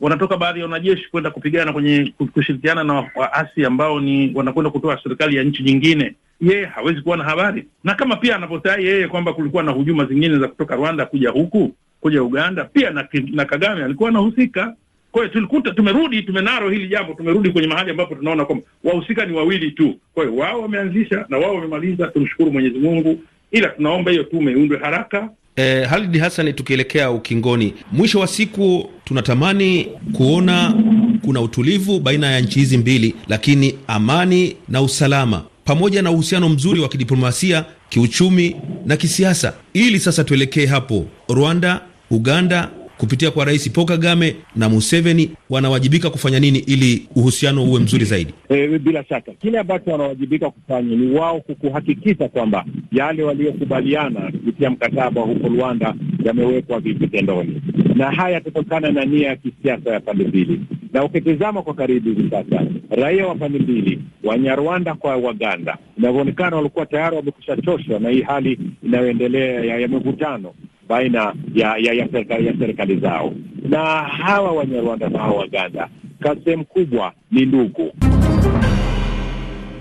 wanatoka baadhi ya wanajeshi kwenda kupigana kwenye kushirikiana na waasi ambao ni wanakwenda kutoa serikali ya nchi nyingine. Yeye hawezi kuwa na habari, na kama pia anapotai yeye kwamba kulikuwa na hujuma zingine za kutoka Rwanda kuja huku kuja Uganda, pia na, na Kagame alikuwa anahusika. Kwa hiyo tulikuta tumerudi tumenaro hili jambo, tumerudi kwenye mahali ambapo tunaona kwamba wahusika ni wawili tu. Kwa hiyo wao wameanzisha na wao wamemaliza, tumshukuru Mwenyezi Mungu, ila tunaomba hiyo tume iundwe haraka E, Halid Hassan, tukielekea ukingoni, mwisho wa siku tunatamani kuona kuna utulivu baina ya nchi hizi mbili, lakini amani na usalama pamoja na uhusiano mzuri wa kidiplomasia, kiuchumi na kisiasa, ili sasa tuelekee hapo Rwanda, Uganda kupitia kwa Rais Paul Kagame na Museveni wanawajibika kufanya nini ili uhusiano uwe mzuri zaidi? E, bila shaka kile ambacho wanawajibika kufanya ni wao kuhakikisha kwamba yale waliokubaliana kupitia mkataba huko Rwanda yamewekwa vitendoni, na haya yatatokana na nia ya kisiasa ya pande mbili. Na ukitizama kwa karibu hivi sasa, raia wa pande mbili, Wanyarwanda kwa Waganda, inavyoonekana walikuwa tayari wamekushachoshwa na hii hali inayoendelea ya, ya mivutano baina ya ya, ya, serikali, ya serikali zao na hawa Wanyarwanda na hawa Waganda ka sehemu kubwa ni ndugu.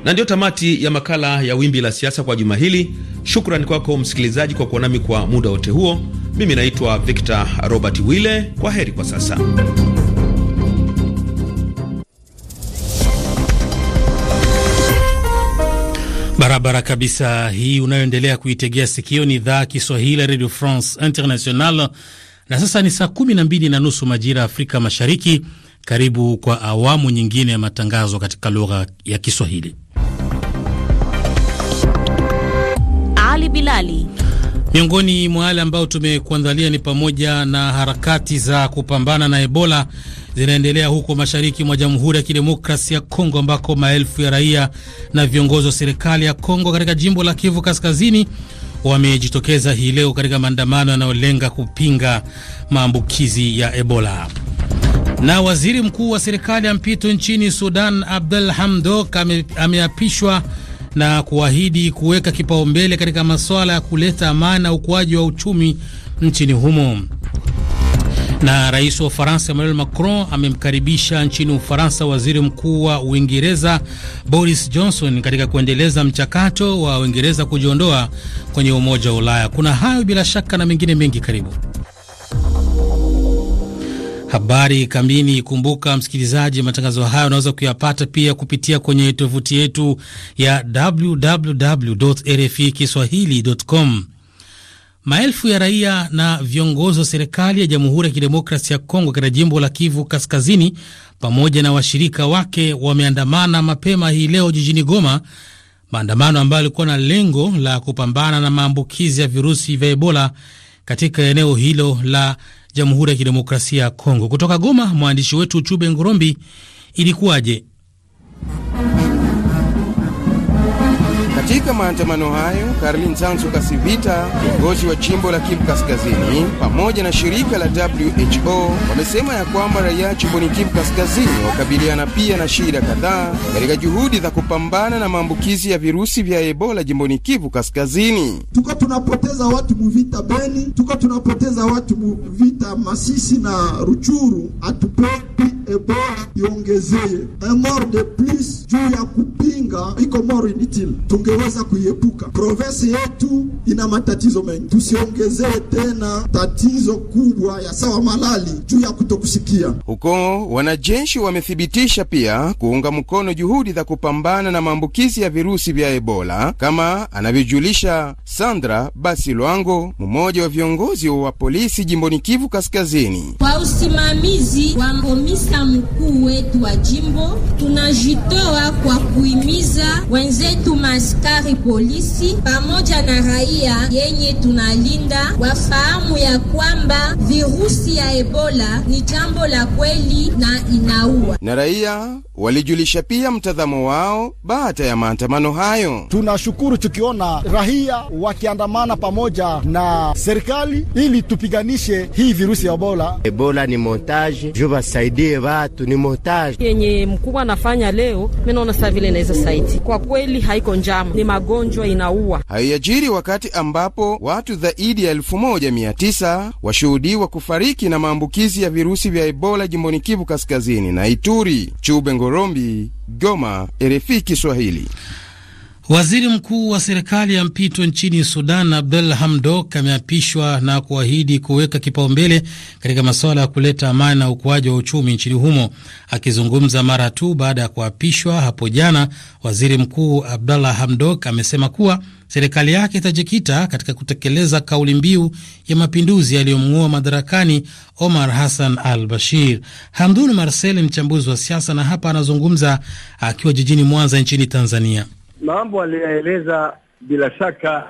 Na ndiyo tamati ya makala ya Wimbi la Siasa kwa juma hili. Shukrani kwako msikilizaji kwa kuwa nami kwa muda wote huo. Mimi naitwa Victor Robert Wille. Kwa heri kwa sasa. Barabara kabisa. Hii unayoendelea kuitegea sikio ni idhaa Kiswahili ya Radio France International, na sasa ni saa kumi na mbili na nusu majira ya Afrika Mashariki. Karibu kwa awamu nyingine ya matangazo katika lugha ya Kiswahili. Ali Bilali. Miongoni mwa wale ambao tumekuandalia ni pamoja na harakati za kupambana na Ebola zinaendelea huko mashariki mwa Jamhuri ya Kidemokrasia ya Kongo ambako maelfu ya raia na viongozi wa serikali ya Kongo katika jimbo la Kivu Kaskazini wamejitokeza hii leo katika maandamano yanayolenga kupinga maambukizi ya Ebola. Na waziri mkuu wa serikali ya mpito nchini Sudan abdul Hamdok ameapishwa na kuahidi kuweka kipaumbele katika masuala ya kuleta amani na ukuaji wa uchumi nchini humo. Na rais wa Ufaransa Emmanuel Macron amemkaribisha nchini Ufaransa waziri mkuu wa Uingereza Boris Johnson katika kuendeleza mchakato wa Uingereza kujiondoa kwenye Umoja wa Ulaya. Kuna hayo bila shaka na mengine mengi, karibu Habari kamili. Kumbuka msikilizaji, matangazo haya unaweza kuyapata pia kupitia kwenye tovuti yetu ya www RFI Kiswahili.com. Maelfu ya raia na viongozi wa serikali ya Jamhuri ya Kidemokrasia ya Kongo katika jimbo la Kivu Kaskazini pamoja na washirika wake wameandamana mapema hii leo jijini Goma, maandamano ambayo yalikuwa na lengo la kupambana na maambukizi ya virusi vya Ebola katika eneo hilo la Jamhuri ya Kidemokrasia ya Kongo. Kutoka Goma, mwandishi wetu Chube Ngurombi, Ilikuwaje? Katika maandamano hayo, Karlin Sansu Kasivita, kiongozi wa jimbo la Kivu Kaskazini, pamoja na shirika la WHO wamesema ya kwamba raia jimboni Kivu Kaskazini wakabiliana pia na shida kadhaa katika juhudi za kupambana na maambukizi ya virusi vya Ebola jimboni Kivu Kaskazini. Tuko tunapoteza watu muvita Beni, tuko tunapoteza watu muvita Masisi na Ruchuru, atupepi Ebola iongezee, un mort de plus juu ya kupinga iko mort inutile tunge hatutoweza kuiepuka. Provensi yetu ina matatizo mengi, tusiongezee tena tatizo kubwa ya sawa malali juu ya kutokusikia. Huko wanajeshi wamethibitisha pia kuunga mkono juhudi za kupambana na maambukizi ya virusi vya Ebola, kama anavyojulisha Sandra Basi Lwango, mmoja wa viongozi wa polisi jimboni Kivu Kaskazini. Kwa usimamizi wa mbomisa mkuu wetu wa jimbo, tunajitoa kwa kuimiza wenzetu maskari askari polisi pamoja na raia yenye tunalinda wafahamu ya kwamba virusi ya Ebola ni jambo la kweli na inaua. Na raia walijulisha pia mtazamo wao baada ya maandamano hayo. Tunashukuru tukiona raia wakiandamana pamoja na serikali ili tupiganishe hii virusi ya Ebola. Ebola ni montaje, ju vasaidie watu, ni montage yenye mkubwa anafanya leo. Mimi naona saa vile naweza saidi, kwa kweli haiko njama ni magonjwa inaua. Haiajiri wakati ambapo watu zaidi ya elfu moja mia tisa washuhudiwa kufariki na maambukizi ya virusi vya Ebola jimboni Kivu Kaskazini na Ituri. Chube Ngorombi, Goma, RFI Kiswahili. Waziri mkuu wa serikali ya mpito nchini Sudan, abdul Hamdok, ameapishwa na kuahidi kuweka kipaumbele katika masuala ya kuleta amani na ukuaji wa uchumi nchini humo. Akizungumza mara tu baada ya kuapishwa hapo jana, waziri mkuu Abdallah Hamdok amesema kuwa serikali yake itajikita katika kutekeleza kauli mbiu ya mapinduzi yaliyomng'oa madarakani Omar Hassan al Bashir. Hamdun Marcel mchambuzi wa siasa na hapa anazungumza akiwa jijini Mwanza nchini Tanzania mambo aliyoeleza bila shaka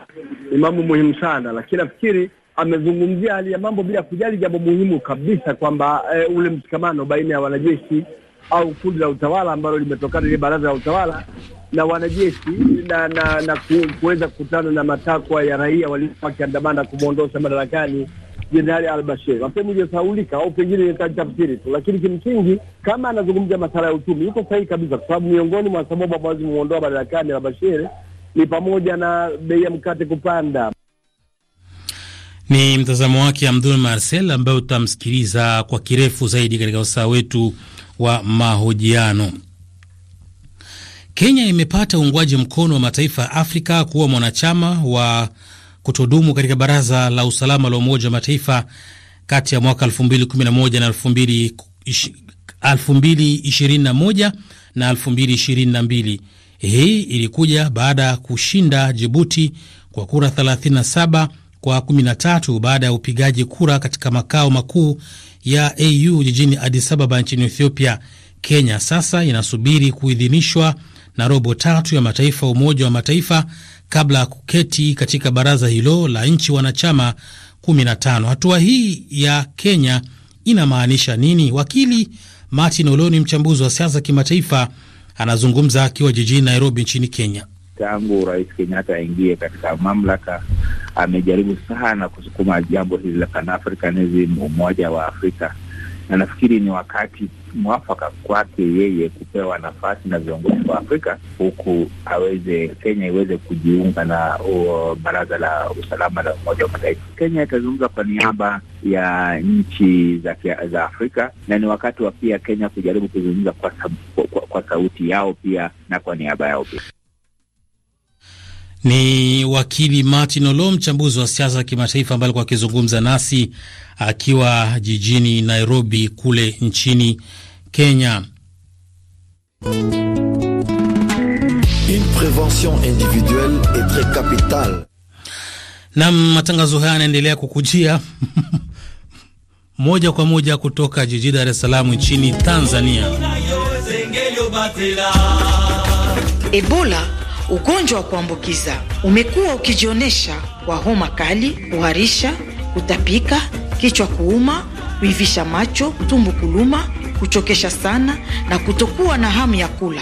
ni mambo muhimu sana, lakini nafikiri amezungumzia hali ya mambo bila kujali jambo muhimu kabisa kwamba e, ule mshikamano baina ya wanajeshi au kundi la utawala ambalo limetokana ile baraza la utawala na wanajeshi na na, na kuweza kukutana na matakwa ya raia waliokuwa wakiandamana kumwondosha madarakani Jenerali al Bashir. Mapema iliyosaulika au pengine inahitaji tafsiri tu, lakini kimsingi, kama anazungumzia masuala ya uchumi, yuko sahihi kabisa, kwa sababu miongoni mwa sababu ambazo zimeondoa madarakani al Bashir ni pamoja na bei ya mkate kupanda. Ni mtazamo wake Abdul Marcel ambaye utamsikiliza kwa kirefu zaidi katika usaa wetu wa mahojiano. Kenya imepata uungwaji mkono wa mataifa ya Afrika kuwa mwanachama wa kutodumu katika baraza la usalama la Umoja wa Mataifa kati ya mwaka 2011 na 2021 na 2022. Hii ilikuja baada ya kushinda Jibuti kwa kura 37 kwa 13 baada ya upigaji kura katika makao makuu ya AU jijini Addis Ababa nchini Ethiopia. Kenya sasa inasubiri kuidhinishwa na robo tatu ya mataifa Umoja wa Mataifa kabla ya kuketi katika baraza hilo la nchi wanachama 15. Hatua hii ya Kenya inamaanisha nini? Wakili Martin Oloni, mchambuzi wa siasa kimataifa, anazungumza akiwa jijini Nairobi nchini Kenya. Tangu Rais Kenyatta aingie katika mamlaka, amejaribu sana kusukuma jambo hili la Pan Africanism, umoja wa Afrika na nafikiri ni wakati mwafaka kwake yeye kupewa nafasi na viongozi wa Afrika huku aweze Kenya iweze kujiunga na uh, baraza la usalama la Umoja wa Mataifa. Kenya itazungumza kwa niaba ya nchi za, za Afrika na ni wakati wa pia Kenya kujaribu kuzungumza kwa, kwa, kwa, kwa sauti yao pia na kwa niaba yao pia. Ni wakili Martin Olo, mchambuzi wa siasa za kimataifa, ambaye alikuwa akizungumza nasi akiwa jijini Nairobi kule nchini Kenya. Nam, matangazo haya yanaendelea kukujia moja kwa moja kutoka jijini Dar es Salaam nchini Tanzania. Ebola Ugonjwa wa kuambukiza umekuwa ukijionyesha kwa homa kali, kuharisha, kutapika, kichwa kuuma, kuivisha macho, tumbo kuluma, kuchokesha sana na kutokuwa na hamu ya kula.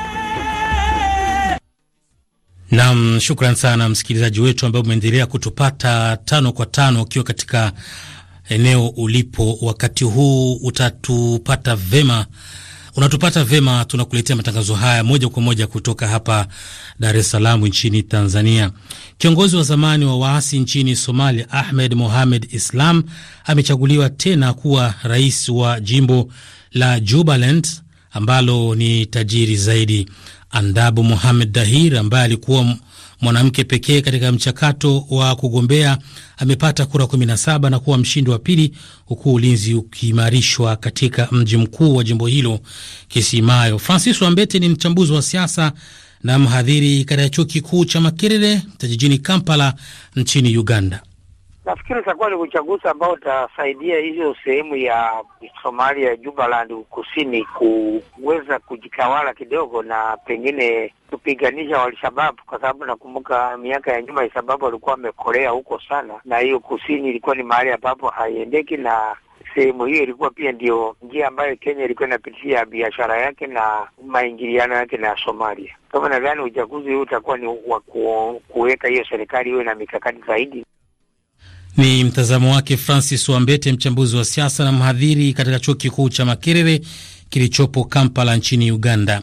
Nam, shukran sana msikilizaji wetu ambaye umeendelea kutupata tano kwa tano ukiwa katika eneo ulipo. Wakati huu utatupata vema, unatupata vema, tunakuletea matangazo haya moja kwa moja kutoka hapa Dar es Salaam nchini Tanzania. Kiongozi wa zamani wa waasi nchini Somalia Ahmed Mohamed Islam amechaguliwa tena kuwa rais wa jimbo la Jubaland ambalo ni tajiri zaidi Andabu Mohamed Dahir ambaye alikuwa mwanamke pekee katika mchakato wa kugombea amepata kura 17 na kuwa mshindi wa pili, huku ulinzi ukiimarishwa katika mji mkuu wa jimbo hilo Kisimayo. Francis Wambete ni mchambuzi wa siasa na mhadhiri katika chuo kikuu cha Makerere cha jijini Kampala nchini Uganda. Nafikiri itakuwa ni uchaguzi ambao utasaidia hiyo sehemu ya Somalia ya Jubaland kusini kuweza kujitawala kidogo na pengine kupiganisha Walshabab kwa sababu nakumbuka miaka ya nyuma Alshababu walikuwa wamekolea huko sana, na hiyo kusini ilikuwa ni mahali ambapo haiendeki na sehemu hiyo ilikuwa pia ndio njia ambayo Kenya ilikuwa inapitia biashara yake na maingiliano yake na Somalia. Kwa hivyo nadhani uchaguzi huu utakuwa ni wa kuweka hiyo serikali iwe na mikakati zaidi. Ni mtazamo wake Francis Wambete, mchambuzi wa siasa na mhadhiri katika chuo kikuu cha Makerere kilichopo Kampala nchini Uganda.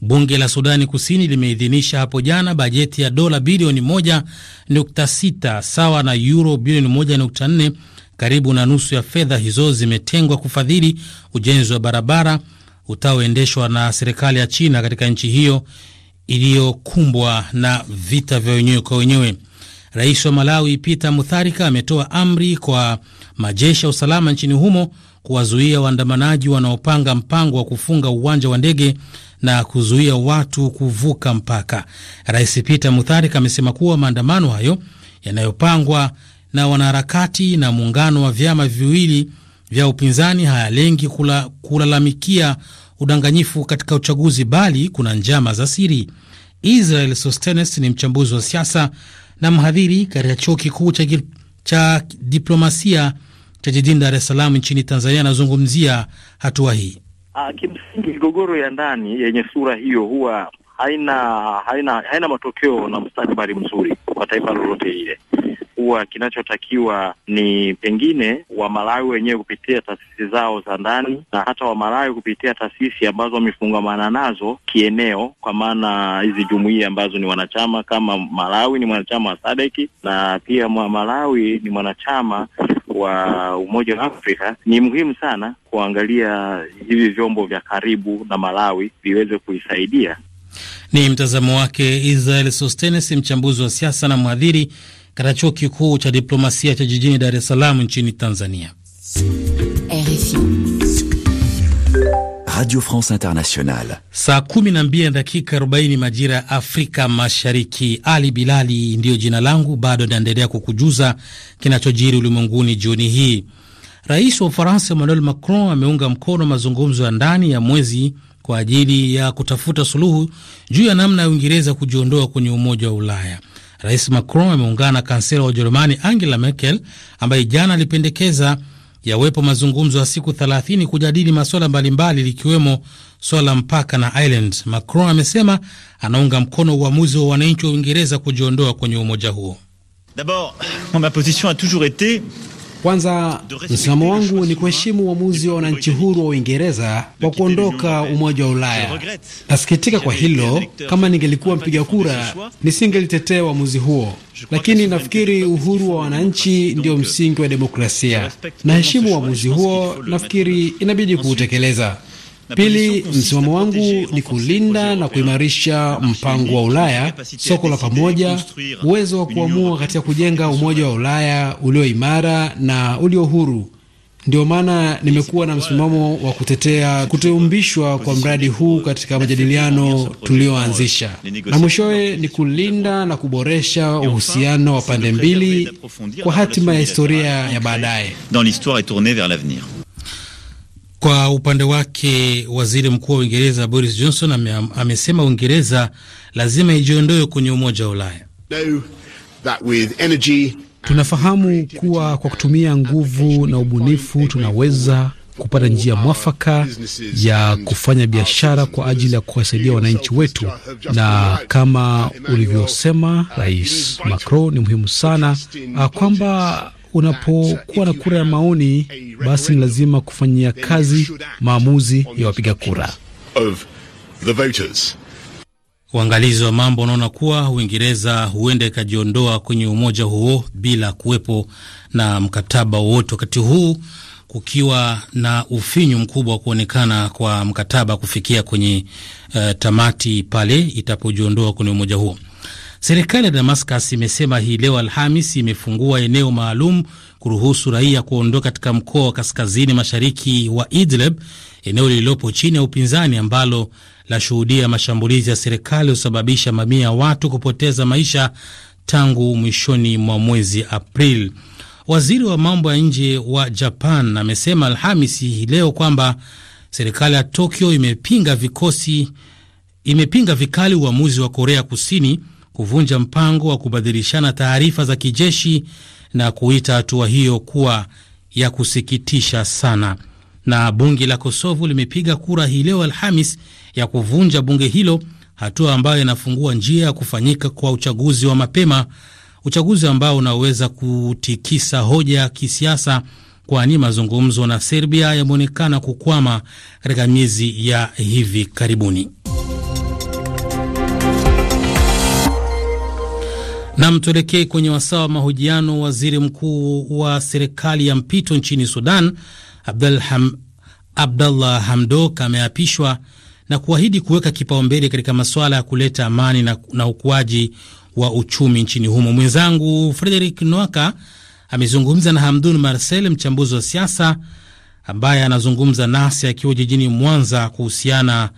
Bunge la Sudani Kusini limeidhinisha hapo jana bajeti ya dola bilioni 1.6 sawa na euro bilioni 1.4. Karibu na nusu ya fedha hizo zimetengwa kufadhili ujenzi wa barabara utaoendeshwa na serikali ya China katika nchi hiyo iliyokumbwa na vita vya wenyewe kwa wenyewe. Rais wa Malawi Peter Mutharika ametoa amri kwa majeshi ya usalama nchini humo kuwazuia waandamanaji wanaopanga mpango wa kufunga uwanja wa ndege na kuzuia watu kuvuka mpaka. Rais Peter Mutharika amesema kuwa maandamano hayo yanayopangwa na wanaharakati na muungano wa vyama viwili vya upinzani hayalengi kula, kulalamikia udanganyifu katika uchaguzi bali kuna njama za siri. Israel Sostenes ni mchambuzi wa siasa na mhadhiri katika chuo kikuu cha, cha diplomasia cha jijini Dar es Salaam nchini Tanzania. Anazungumzia hatua hii. Ah, kimsingi, migogoro ya ndani yenye sura hiyo huwa haina haina haina matokeo na mstakabali mzuri kwa taifa lolote ile kuwa kinachotakiwa ni pengine Wamalawi wenyewe kupitia taasisi zao za ndani na hata Wamalawi kupitia taasisi ambazo wamefungamana nazo kieneo, kwa maana hizi jumuia ambazo ni wanachama, kama Malawi ni mwanachama wa sadeki na pia Malawi ni mwanachama wa Umoja wa Afrika. Ni muhimu sana kuangalia hivi vyombo vya karibu na Malawi viweze kuisaidia. Ni mtazamo wake Israel Sostenes, mchambuzi wa siasa na mhadhiri katika chuo kikuu cha diplomasia cha jijini Dar es Salaam nchini Tanzania. RFI Radio France Internationale, saa 12 na dakika 40 majira ya Afrika Mashariki. Ali Bilali ndiyo jina langu, bado naendelea kukujuza kinachojiri ulimwenguni jioni hii. Rais wa Ufaransa Emmanuel Macron ameunga mkono mazungumzo ya ndani ya mwezi kwa ajili ya kutafuta suluhu juu ya namna ya Uingereza kujiondoa kwenye Umoja wa Ulaya. Rais Macron ameungana na kansela wa Ujerumani Angela Merkel ambaye jana alipendekeza yawepo mazungumzo ya siku 30 kujadili masuala mbalimbali likiwemo swala la mpaka na Ireland. Macron amesema anaunga mkono uamuzi wa wananchi wa Uingereza kujiondoa kwenye umoja huo. Kwanza, msimamo wangu ni kuheshimu uamuzi wa wananchi huru wa Uingereza wa kuondoka Umoja wa Ulaya. Nasikitika kwa hilo. Kama ningelikuwa mpiga kura, nisingelitetea uamuzi huo, lakini nafikiri uhuru wa wananchi ndio msingi wa demokrasia. Naheshimu uamuzi huo, nafikiri inabidi kuutekeleza. Pili, msimamo wangu ni kulinda na kuimarisha mpango wa Ulaya, soko la pamoja, uwezo wa kuamua katika kujenga umoja wa Ulaya ulio imara na ulio huru. Ndio maana nimekuwa na msimamo wa kutetea kuteumbishwa kwa mradi huu katika majadiliano tulioanzisha na mwishowe ni kulinda na kuboresha uhusiano wa pande mbili kwa hatima ya historia ya baadaye. Kwa upande wake waziri mkuu wa Uingereza Boris Johnson ame, amesema Uingereza lazima ijiondoe kwenye Umoja wa Ulaya. Tunafahamu kuwa kwa kutumia nguvu na ubunifu tunaweza kupata njia mwafaka ya kufanya biashara kwa ajili ya kuwasaidia wananchi wetu, na kama ulivyosema Rais Macron, ni muhimu sana ah, kwamba unapokuwa na kura ya maoni, basi ni lazima kufanyia kazi maamuzi ya wapiga kura. Uangalizi wa mambo unaona kuwa Uingereza huenda ikajiondoa kwenye umoja huo bila kuwepo na mkataba wowote, wakati huu kukiwa na ufinyu mkubwa wa kuonekana kwa mkataba kufikia kwenye uh, tamati pale itapojiondoa kwenye umoja huo. Serikali ya Damascus imesema hii leo Alhamis imefungua eneo maalum kuruhusu raia kuondoka katika mkoa wa kaskazini mashariki wa Idlib, eneo lililopo chini ya upinzani ambalo lashuhudia mashambulizi ya serikali husababisha mamia ya watu kupoteza maisha tangu mwishoni mwa mwezi april Waziri wa mambo ya nje wa Japan amesema Alhamisi hii leo kwamba serikali ya Tokyo imepinga vikosi imepinga vikali uamuzi wa Korea Kusini kuvunja mpango wa kubadilishana taarifa za kijeshi na kuita hatua hiyo kuwa ya kusikitisha sana. Na bunge la Kosovo limepiga kura hii leo Alhamis ya kuvunja bunge hilo, hatua ambayo inafungua njia ya kufanyika kwa uchaguzi wa mapema, uchaguzi ambao unaweza kutikisa hoja ya kisiasa, kwani mazungumzo na Serbia yameonekana kukwama katika miezi ya hivi karibuni. Nam, tuelekee kwenye wasaa wa mahojiano. Waziri mkuu wa serikali ya mpito nchini Sudan Ham, Abdallah Hamdok ameapishwa na kuahidi kuweka kipaumbele katika masuala ya kuleta amani na, na ukuaji wa uchumi nchini humo. Mwenzangu Frederik Nwaka amezungumza na Hamdun Marcel, mchambuzi wa siasa ambaye anazungumza nasi akiwa jijini Mwanza kuhusiana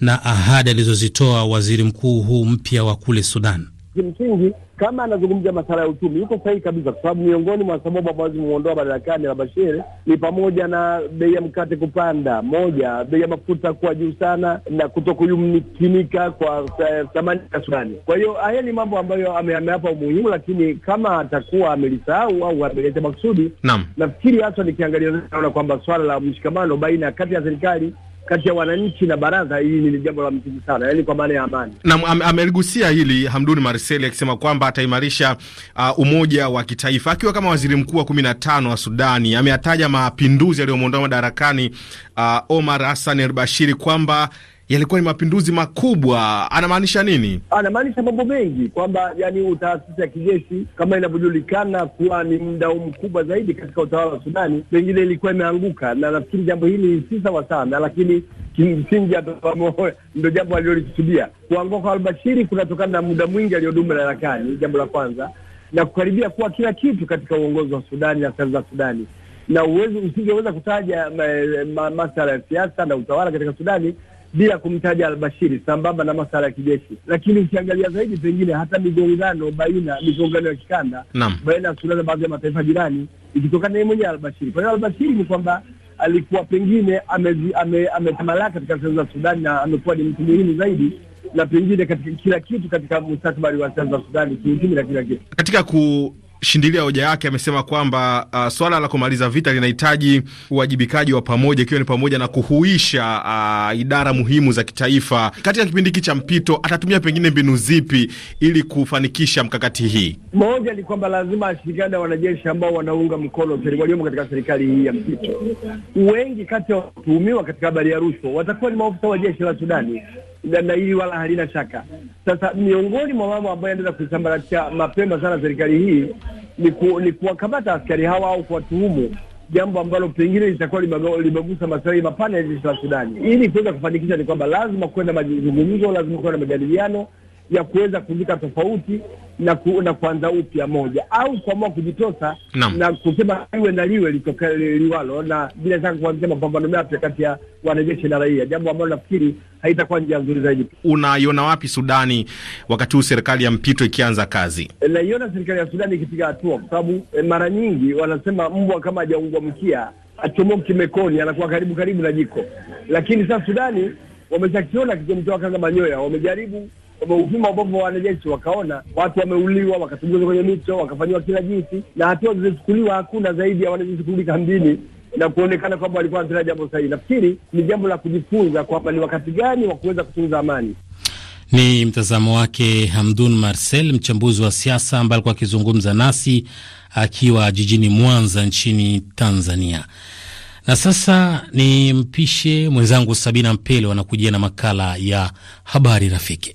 na ahadi alizozitoa waziri mkuu huu mpya wa kule Sudan. Kimsingi kama anazungumzia masuala ya uchumi yuko sahihi kabisa, kwa sababu miongoni mwa sababu ambazo zimeondoa madarakani la Bashir ni pamoja na bei ya mkate kupanda, moja, bei ya mafuta kuwa juu sana na kutokuyumkinika kwa eh, thamani ya sudani Kwa hiyo haya ni mambo ambayo ameapa umuhimu, lakini kama atakuwa amelisahau au ameleta makusudi, nafikiri hasa nikiangalia, naona kwamba swala la mshikamano baina ya kati ya serikali kati ya wananchi na baraza hili ni jambo la msingi sana, yani kwa maana ya amani. Na am, ameligusia hili Hamduni Marseli akisema kwamba ataimarisha uh, umoja wa kitaifa akiwa kama waziri mkuu wa kumi na tano wa Sudani. ameataja mapinduzi aliyomondoa madarakani uh, Omar Hassan al bashiri kwamba yalikuwa ni mapinduzi makubwa. Anamaanisha nini? Anamaanisha mambo mengi, kwamba yani taasisi ya kijeshi kama inavyojulikana kuwa ni mdau mkubwa zaidi katika utawala wa Sudani, pengine ilikuwa imeanguka, na nafikiri jambo hili si sawa sana, lakini kimsingi ndo jambo aliyolikusudia. Kuanguka kwa Albashiri kunatokana na muda mwingi aliyodumu madarakani, jambo la kwanza, na kukaribia kuwa kila kitu katika uongozi wa Sudani na siasa za Sudani, na uwezo usingeweza kutaja eh, masala ya siasa na utawala katika Sudani bila kumtaja Albashiri, sambamba na masala ya kijeshi. Lakini ukiangalia zaidi, pengine hata migongano baina migongano ya kikanda baina ya Sudan na baadhi ya mataifa jirani ikitokana yeye mwenyewe Albashiri. Kwa hiyo Albashiri ni kwamba alikuwa pengine ametamalaka ame katika siasa za Sudani na amekuwa ni mtu muhimu zaidi na pengine katika kila kitu katika mustakabali wa siasa za Sudani kiuchumi na kila kitu katika ku shindilia hoja yake amesema kwamba uh, swala la kumaliza vita linahitaji uwajibikaji wa pamoja, ikiwa ni pamoja na kuhuisha uh, idara muhimu za kitaifa. Katika kipindi hiki cha mpito, atatumia pengine mbinu zipi ili kufanikisha mkakati hii? Moja ni kwamba lazima ashirikiane na wanajeshi ambao wanaunga mkono waliomo katika serikali hii ya mpito. Wengi kati ya watuhumiwa katika habari ya rushwa watakuwa ni maofisa wa jeshi la Sudani na hili wala halina shaka. Sasa miongoni mwa mambo ambayo yanaweza kuisambaratisha mapema sana serikali hii ni, ku, ni kuwakamata askari hawa au kuwatuhumu, jambo ambalo pengine litakuwa limegusa maslahi mapana ya jeshi la Sudani. Ili kuweza kufanikisha ni kwamba lazima kuwe na mazungumzo, lazima kuwe na majadiliano ya kuweza kuvika tofauti na, ku, na kuanza upya moja au kuamua kujitosa na, na kusema iwe na liwe litokale li, liwalo na bila shaka kuanzia mapambano mapya kati ya wanajeshi na raia, jambo ambalo nafikiri haitakuwa njia nzuri zaidi. Unaiona wapi Sudani wakati huu serikali ya mpito ikianza kazi? Eh, naiona serikali ya Sudani ikipiga hatua, kwa sababu eh, mara nyingi wanasema mbwa kama hajaungwa mkia achomoki kimekoni, anakuwa karibu karibu na jiko, lakini sasa Sudani wameshakiona kichomtoa kanga manyoya, wamejaribu wameupima upepo wanajeshi, wakaona watu wameuliwa, wakasuguzwa kwenye mito, wakafanyiwa kila jinsi, na hatua zilizochukuliwa hakuna zaidi ya wanajeshi kurudi kambini na kuonekana kwamba walikuwa wanatenda jambo sahihi. Nafikiri ni jambo la kujifunza kwamba ni wakati gani wa kuweza kutunza amani. Ni mtazamo wake Hamdun Marcel, mchambuzi wa siasa ambaye alikuwa akizungumza nasi akiwa jijini Mwanza nchini Tanzania. Na sasa ni mpishe mwenzangu Sabina Mpele wanakujia na makala ya habari rafiki.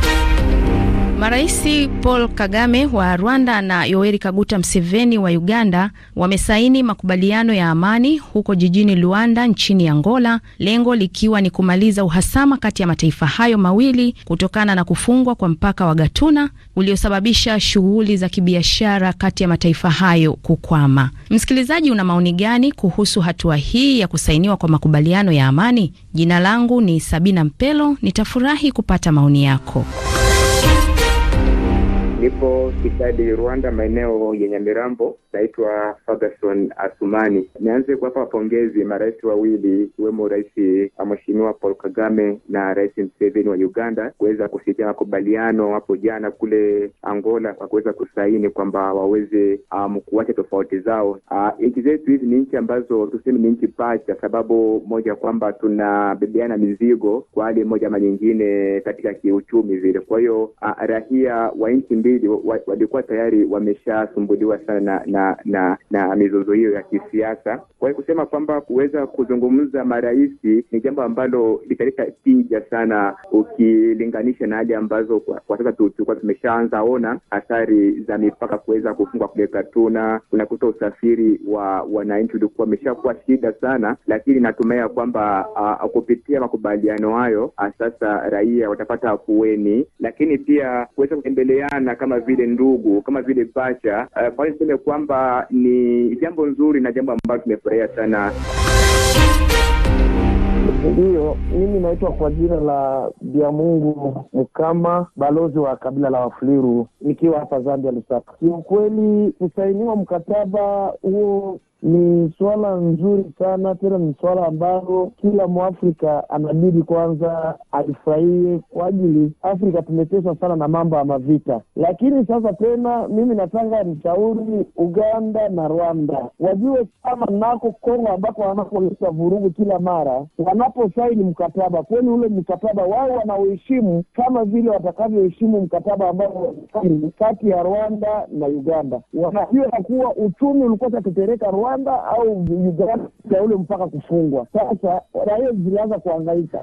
Marais Paul Kagame wa Rwanda na Yoweri Kaguta Museveni wa Uganda wamesaini makubaliano ya amani huko jijini Luanda nchini Angola, lengo likiwa ni kumaliza uhasama kati ya mataifa hayo mawili kutokana na kufungwa kwa mpaka wa Gatuna uliosababisha shughuli za kibiashara kati ya mataifa hayo kukwama. Msikilizaji, una maoni gani kuhusu hatua hii ya kusainiwa kwa makubaliano ya amani? Jina langu ni Sabina Mpelo, nitafurahi kupata maoni yako. Nipo kisadi Rwanda, maeneo ya Nyamirambo. Naitwa Ferguson Asumani. Nianze kuwapa wapongezi marais wawili, ikiwemo Rais uh, mweshimiwa Paul Kagame na Rais mseveni wa Uganda kuweza kufikia makubaliano hapo jana kule Angola kwa kuweza kusaini kwamba waweze um, uh, kuwacha tofauti zao. Uh, nchi zetu hizi ni nchi ambazo tuseme ni nchi pacha, sababu moja kwamba tunabebeana mizigo kwa hali moja ama nyingine katika kiuchumi vile. Kwa hiyo rahia wa nchi mbili mbili walikuwa tayari wameshasumbuliwa sana na na na, na mizozo hiyo ya kisiasa. Kwa hiyo kusema kwamba kuweza kuzungumza marais ni jambo ambalo litaleta tija sana ukilinganisha na hali ambazo kwa, kwa sasa tulikuwa tumeshaanza ona athari za mipaka kuweza kufungwa kule Katuna. Unakuta usafiri wa wananchi ulikuwa umeshakuwa shida sana, lakini natumia kwamba kupitia makubaliano hayo sasa raia watapata afueni, lakini pia kuweza kutembeleana kama vile ndugu, kama vile pacha. Uh, kwa hiyo niseme kwamba ni jambo nzuri na jambo ambalo tumefurahia sana. Ndiyo, mimi naitwa kwa jina la Biamungu Mkama, balozi wa kabila la Wafuliru, nikiwa hapa Zambia, Lusaka. Kiukweli, kusainiwa mkataba huo ni swala nzuri sana, tena ni swala ambalo kila mwafrika anabidi kwanza alifurahie, kwa ajili Afrika tumetesa sana na mambo ya mavita. Lakini sasa tena, mimi nataka nishauri Uganda na Rwanda wajue kama nako Kongo ambako wanapoleta vurugu kila mara, wanaposaini mkataba kweli, ule mkataba wao wanaoheshimu kama vile watakavyoheshimu mkataba ambao kati ya Rwanda na Uganda. Wanajua kuwa uchumi ulikuwa tatetereka Rwanda au Uganda ule mpaka kufungwa. Sasa raia zilianza kuangaika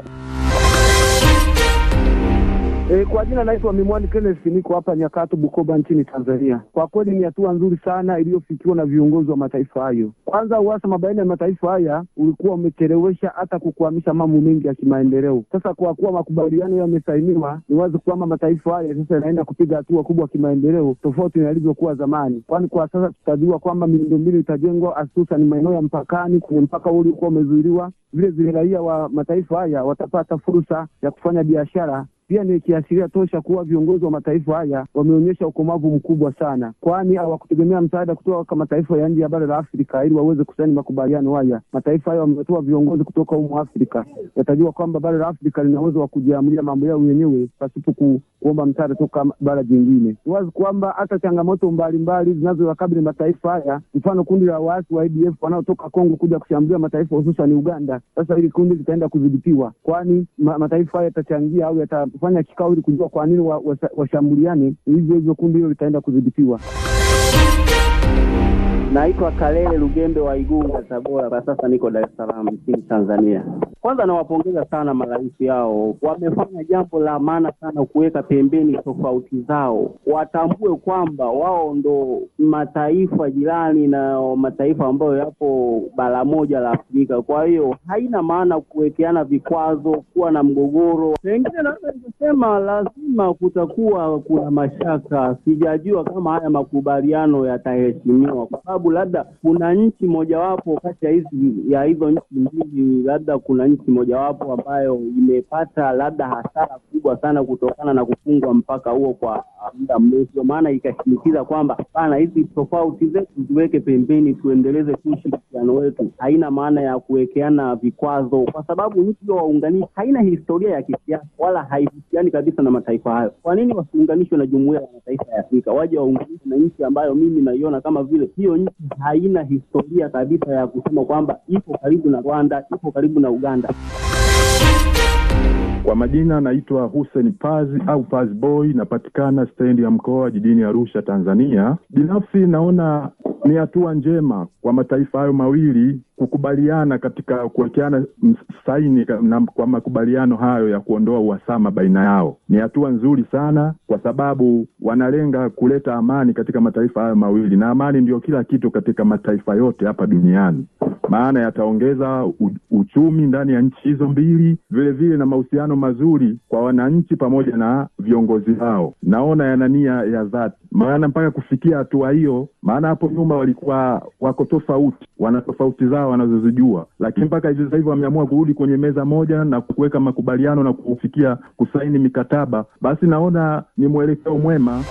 E, kwa jina naitwa Mimwani Kenneth, niko hapa Nyakato, Bukoba nchini Tanzania. Kwa kweli ni hatua nzuri sana iliyofikiwa na viongozi wa mataifa hayo. Kwanza uhasama baina ya mataifa haya ulikuwa umechelewesha hata kukwamisha mambo mengi ya kimaendeleo. Sasa kwa kuwa makubaliano yamesainiwa, ni wazi kwamba mataifa haya sasa yanaenda kupiga hatua kubwa kimaendeleo, tofauti na ilivyokuwa zamani, kwani kwa sasa tutajua kwamba miundombinu itajengwa ni maeneo ya mpakani kwenye mpaka uliokuwa umezuiliwa. Vile vile raia wa mataifa haya watapata fursa ya kufanya biashara pia ni kiashiria tosha kuwa viongozi wa mataifa haya wameonyesha ukomavu mkubwa sana, kwani hawakutegemea msaada kutoka kwa mataifa ya nje ya bara la Afrika ili waweze kusaini makubaliano haya. Mataifa haya wametoa viongozi kutoka humo Afrika, yatajua kwamba bara la Afrika lina uwezo wa kujiamulia mambo yao wenyewe pasipo ku, kuomba msaada toka bara jingine. Ni wazi kwamba hata changamoto mbalimbali zinazoyakabili mataifa haya, mfano kundi la waasi wa ADF wanaotoka Kongo kuja kushambulia mataifa hususan Uganda, sasa hili kundi litaenda kudhibitiwa, kwani ma, mataifa haya yatachangia au yata kufanya kikao ili kujua kwa nini washambuliane wa, wa hivyo hivyo kundi hilo litaenda kudhibitiwa. Naitwa Kalele Lugembe wa Igunga, Tabora. Kwa sasa niko Dar es Salaam nchini Tanzania. Kwanza nawapongeza sana marais yao, wamefanya jambo la maana sana, kuweka pembeni tofauti zao. Watambue kwamba wao ndo mataifa jirani na mataifa ambayo yapo bara moja la Afrika. Kwa hiyo haina maana kuwekeana vikwazo, kuwa na mgogoro. Pengine naweza nikasema lazima kutakuwa kuna mashaka, sijajua kama haya makubaliano yataheshimiwa kwa sababu labda kuna nchi mojawapo kati ya hizi ya hizo nchi mbili, labda kuna nchi mojawapo ambayo imepata labda hasara kubwa sana kutokana na kufungwa mpaka huo kwa muda mrefu, ndio maana ikashinikiza kwamba bana, hizi tofauti zetu ziweke pembeni, tuendeleze tu ushirikiano wetu. Haina maana ya kuwekeana vikwazo, kwa sababu nchi hiyo waunganishi haina historia ya kisiasa wala haihusiani kabisa na mataifa hayo. Kwa nini wasiunganishwe na jumuiya ya mataifa ya Afrika, waje waunganishwe na nchi ambayo mimi naiona kama vile hiyo nchi haina historia kabisa ya kusema kwamba ipo karibu na Rwanda, ipo karibu na Uganda. Kwa majina naitwa Hussein Pazi au Pazi Boy, napatikana stendi ya mkoa jijini Arusha, Tanzania. Binafsi naona ni hatua njema kwa mataifa hayo mawili kukubaliana katika kuwekeana saini na kwa makubaliano hayo ya kuondoa uhasama baina yao ni hatua nzuri sana, kwa sababu wanalenga kuleta amani katika mataifa hayo mawili, na amani ndio kila kitu katika mataifa yote hapa duniani, maana yataongeza uchumi ndani ya nchi hizo mbili, vilevile na mahusiano mazuri kwa wananchi pamoja na viongozi wao. Naona yana nia ya dhati, maana mpaka kufikia hatua hiyo, maana hapo nyuma walikuwa wako tofauti, wana tofauti zao wanazozijua, lakini mm. mpaka hivi sasa hivi wameamua kurudi kwenye meza moja na kuweka makubaliano na kufikia kusaini mikataba, basi naona ni mwelekeo mwema.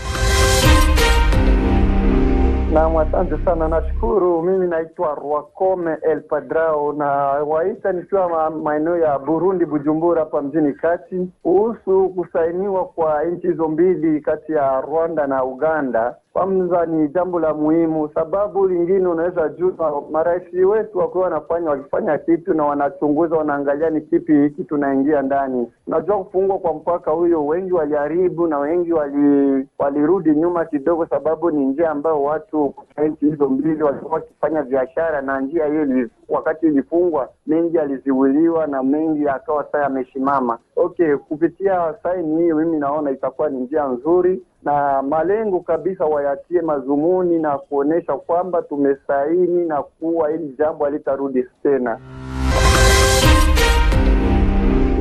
Naam, asante sana, nashukuru. Mimi naitwa Rwakome El Padrao na waita nikiwa maeneo ya Burundi, Bujumbura hapa mjini kati, kuhusu kusainiwa kwa nchi hizo mbili kati ya Rwanda na Uganda kwanza ni jambo la muhimu, sababu lingine unaweza jua marais wetu wakiwa wanafanya wakifanya kitu na wanachunguza wanaangalia ni kipi hiki tunaingia ndani. Unajua, kufungwa kwa mpaka huyo wengi waliharibu na wengi wali, walirudi nyuma kidogo, sababu ni njia ambayo watu kutoka nchi hizo mbili walikuwa wakifanya biashara, na njia hiyo wakati ilifungwa mengi aliziwiliwa na mengi akawa saa yameshimama. Okay, kupitia saini hiyo mimi naona itakuwa ni njia nzuri na malengo kabisa wayatie mazumuni na kuonesha kwamba tumesaini na kuwa hili jambo halitarudi tena.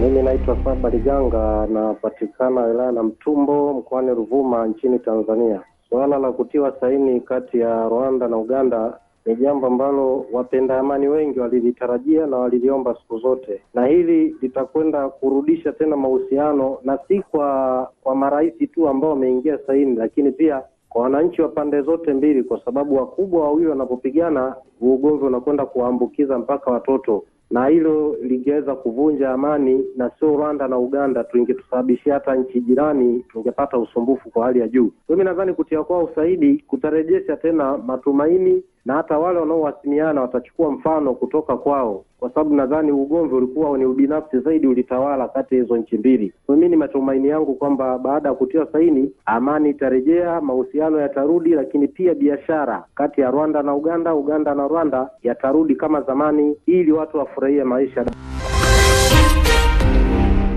Mimi naitwa Saba Liganga, napatikana wilaya na Mtumbo mkoani Ruvuma nchini Tanzania. Suala la kutiwa saini kati ya Rwanda na Uganda ni jambo ambalo wapenda amani wengi walilitarajia na waliliomba siku zote, na hili litakwenda kurudisha tena mahusiano, na si kwa kwa marais tu ambao wameingia saini, lakini pia kwa wananchi wa pande zote mbili, kwa sababu wakubwa wawili wanapopigana, ugomvi unakwenda kuwaambukiza mpaka watoto na hilo lingeweza kuvunja amani, na sio Rwanda na Uganda tu, ingetusababishia hata nchi jirani, tungepata usumbufu kwa hali ya juu. Kwa hiyo mi nadhani kutia kwao usaidi kutarejesha tena matumaini na hata wale wanaowasimiana watachukua mfano kutoka kwao, kwa sababu nadhani ugomvi ulikuwa ni ubinafsi zaidi, ulitawala kati ya hizo nchi mbili. Kwa mimi ni matumaini yangu kwamba baada ya kutia saini, amani itarejea, mahusiano yatarudi, lakini pia biashara kati ya Rwanda na Uganda, Uganda na Rwanda yatarudi kama zamani, ili watu wafurahie maisha.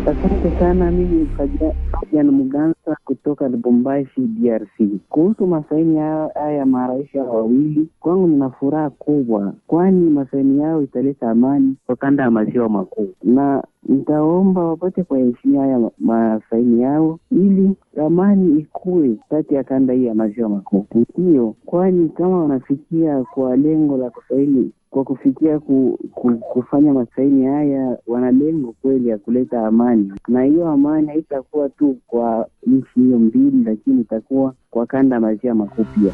Asante sana. Mimi Fabian Muganza kutoka Lubumbashi, DRC. Kuhusu masaini haya maraisha wawili, kwangu nina furaha kubwa, kwani masaini yao italeta amani kwa kanda ya maziwa makuu, na nitaomba wapate kuheshimia haya masaini yao ili amani ikue kati ya kanda hii ya maziwa makuu. Ndiyo, kwani kama wanafikia kwa lengo la kusaini kwa kufikia ku, ku, kufanya masaini haya wana lengo kweli ya kuleta amani, na hiyo amani haitakuwa tu kwa nchi hiyo mbili, lakini itakuwa kwa kanda mazia makuu pia.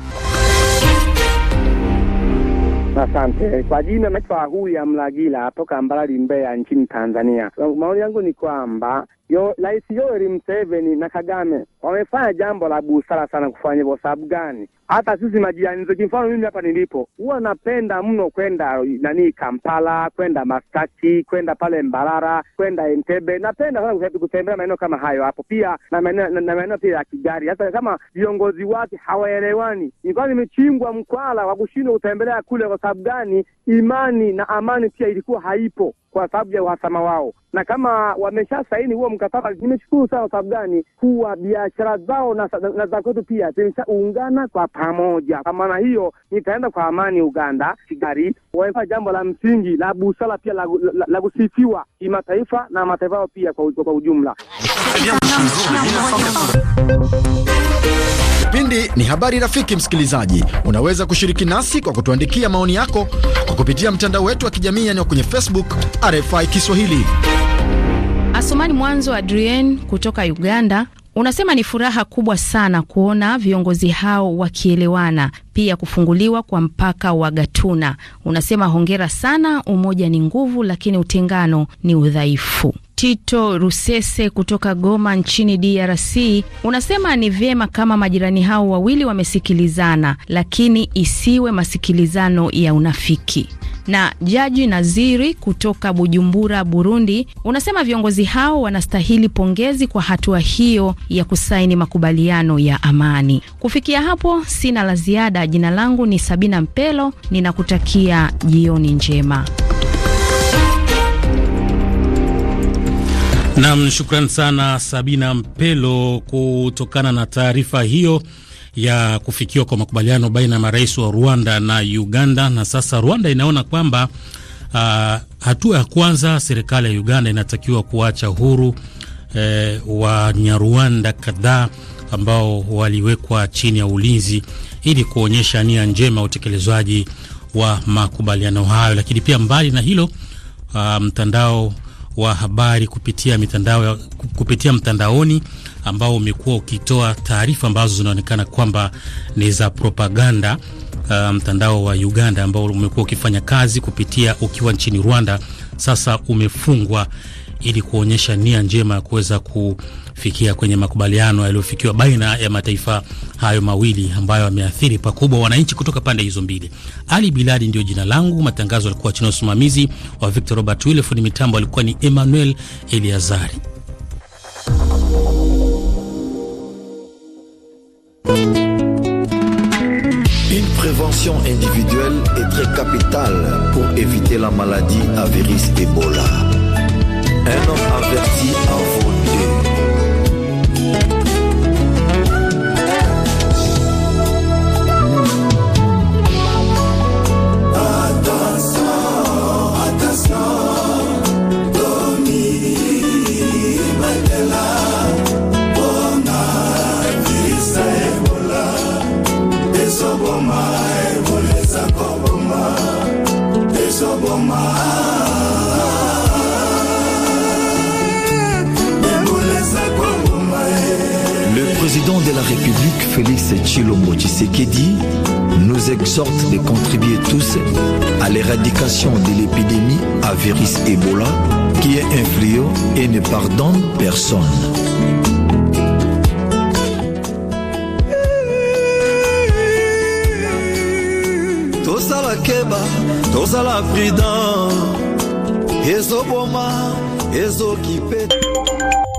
Asante kwa jina, naitwa Huya Mlagila toka Mbarali, Mbeya nchini Tanzania. Maoni yangu ni kwamba Rais Yoweri mseveni na Kagame wamefanya jambo la busara sana kufanya hivyo. Sababu gani? Hata sisi majirani zetu, mfano mimi hapa nilipo, huwa napenda mno kwenda nani Kampala, kwenda mastaki kwenda pale Mbarara, kwenda entebe Napenda sana kutembea maeneo kama hayo hapo, pia na maeneo pia ya kigari Hata kama viongozi wake hawaelewani, nilikuwa nimechingwa mkwala wa kushindwa kutembelea kule. Kwa sababu gani? Imani na amani pia ilikuwa haipo kwa sababu ya uhasama wao, na kama wamesha saini huo mkataba, nimeshukuru sana. Sababu gani? Kuwa biashara zao na, na za kwetu pia zimeshaungana kwa pamoja. Kwa maana hiyo, nitaenda kwa amani Uganda kigari wamefanya jambo la msingi la busara pia la, la, la kusifiwa kimataifa na mataifa yao pia kwa, kwa ujumla Kipindi ni habari rafiki. Msikilizaji, unaweza kushiriki nasi kwa kutuandikia maoni yako kwa kupitia mtandao wetu wa kijamii yani kwenye Facebook RFI Kiswahili. Asumani Mwanzo Adrien kutoka Uganda unasema ni furaha kubwa sana kuona viongozi hao wakielewana, pia kufunguliwa kwa mpaka wa Gatuna. Unasema hongera sana, umoja ni nguvu, lakini utengano ni udhaifu. Tito Rusese kutoka Goma nchini DRC unasema ni vyema kama majirani hao wawili wamesikilizana, lakini isiwe masikilizano ya unafiki. Na Jaji Naziri kutoka Bujumbura, Burundi, unasema viongozi hao wanastahili pongezi kwa hatua hiyo ya kusaini makubaliano ya amani. Kufikia hapo, sina la ziada. Jina langu ni Sabina Mpelo, ninakutakia jioni njema. Nam, shukran sana Sabina Mpelo kutokana na taarifa hiyo ya kufikiwa kwa makubaliano baina ya marais wa Rwanda na Uganda. Na sasa Rwanda inaona kwamba uh, hatua ya kwanza serikali ya Uganda inatakiwa kuacha huru eh, Wanyarwanda kadhaa ambao waliwekwa chini ya ulinzi ili kuonyesha nia njema ya utekelezwaji wa makubaliano hayo. Lakini pia mbali na hilo, uh, mtandao wa habari kupitia mitandao, kupitia mtandaoni ambao umekuwa ukitoa taarifa ambazo zinaonekana kwamba ni za propaganda. Uh, mtandao wa Uganda ambao umekuwa ukifanya kazi kupitia ukiwa nchini Rwanda sasa umefungwa ili kuonyesha nia njema ya kuweza ku kufikia kwenye makubaliano yaliyofikiwa baina ya mataifa hayo mawili ambayo yameathiri pakubwa wananchi kutoka pande hizo mbili. Ali Biladi ndio jina langu. Matangazo yalikuwa chini ya usimamizi wa Victor Robert Wille, ni mitambo alikuwa ni Emmanuel Eliazari. Une prévention individuelle est très capitale pour éviter la maladie à virus Ebola. Un homme averti de la République, Félix Tshilombo nous exhorte de contribuer tous à l'éradication de l'épidémie à virus Ebola qui est un fléau et ne pardonne personne. keba et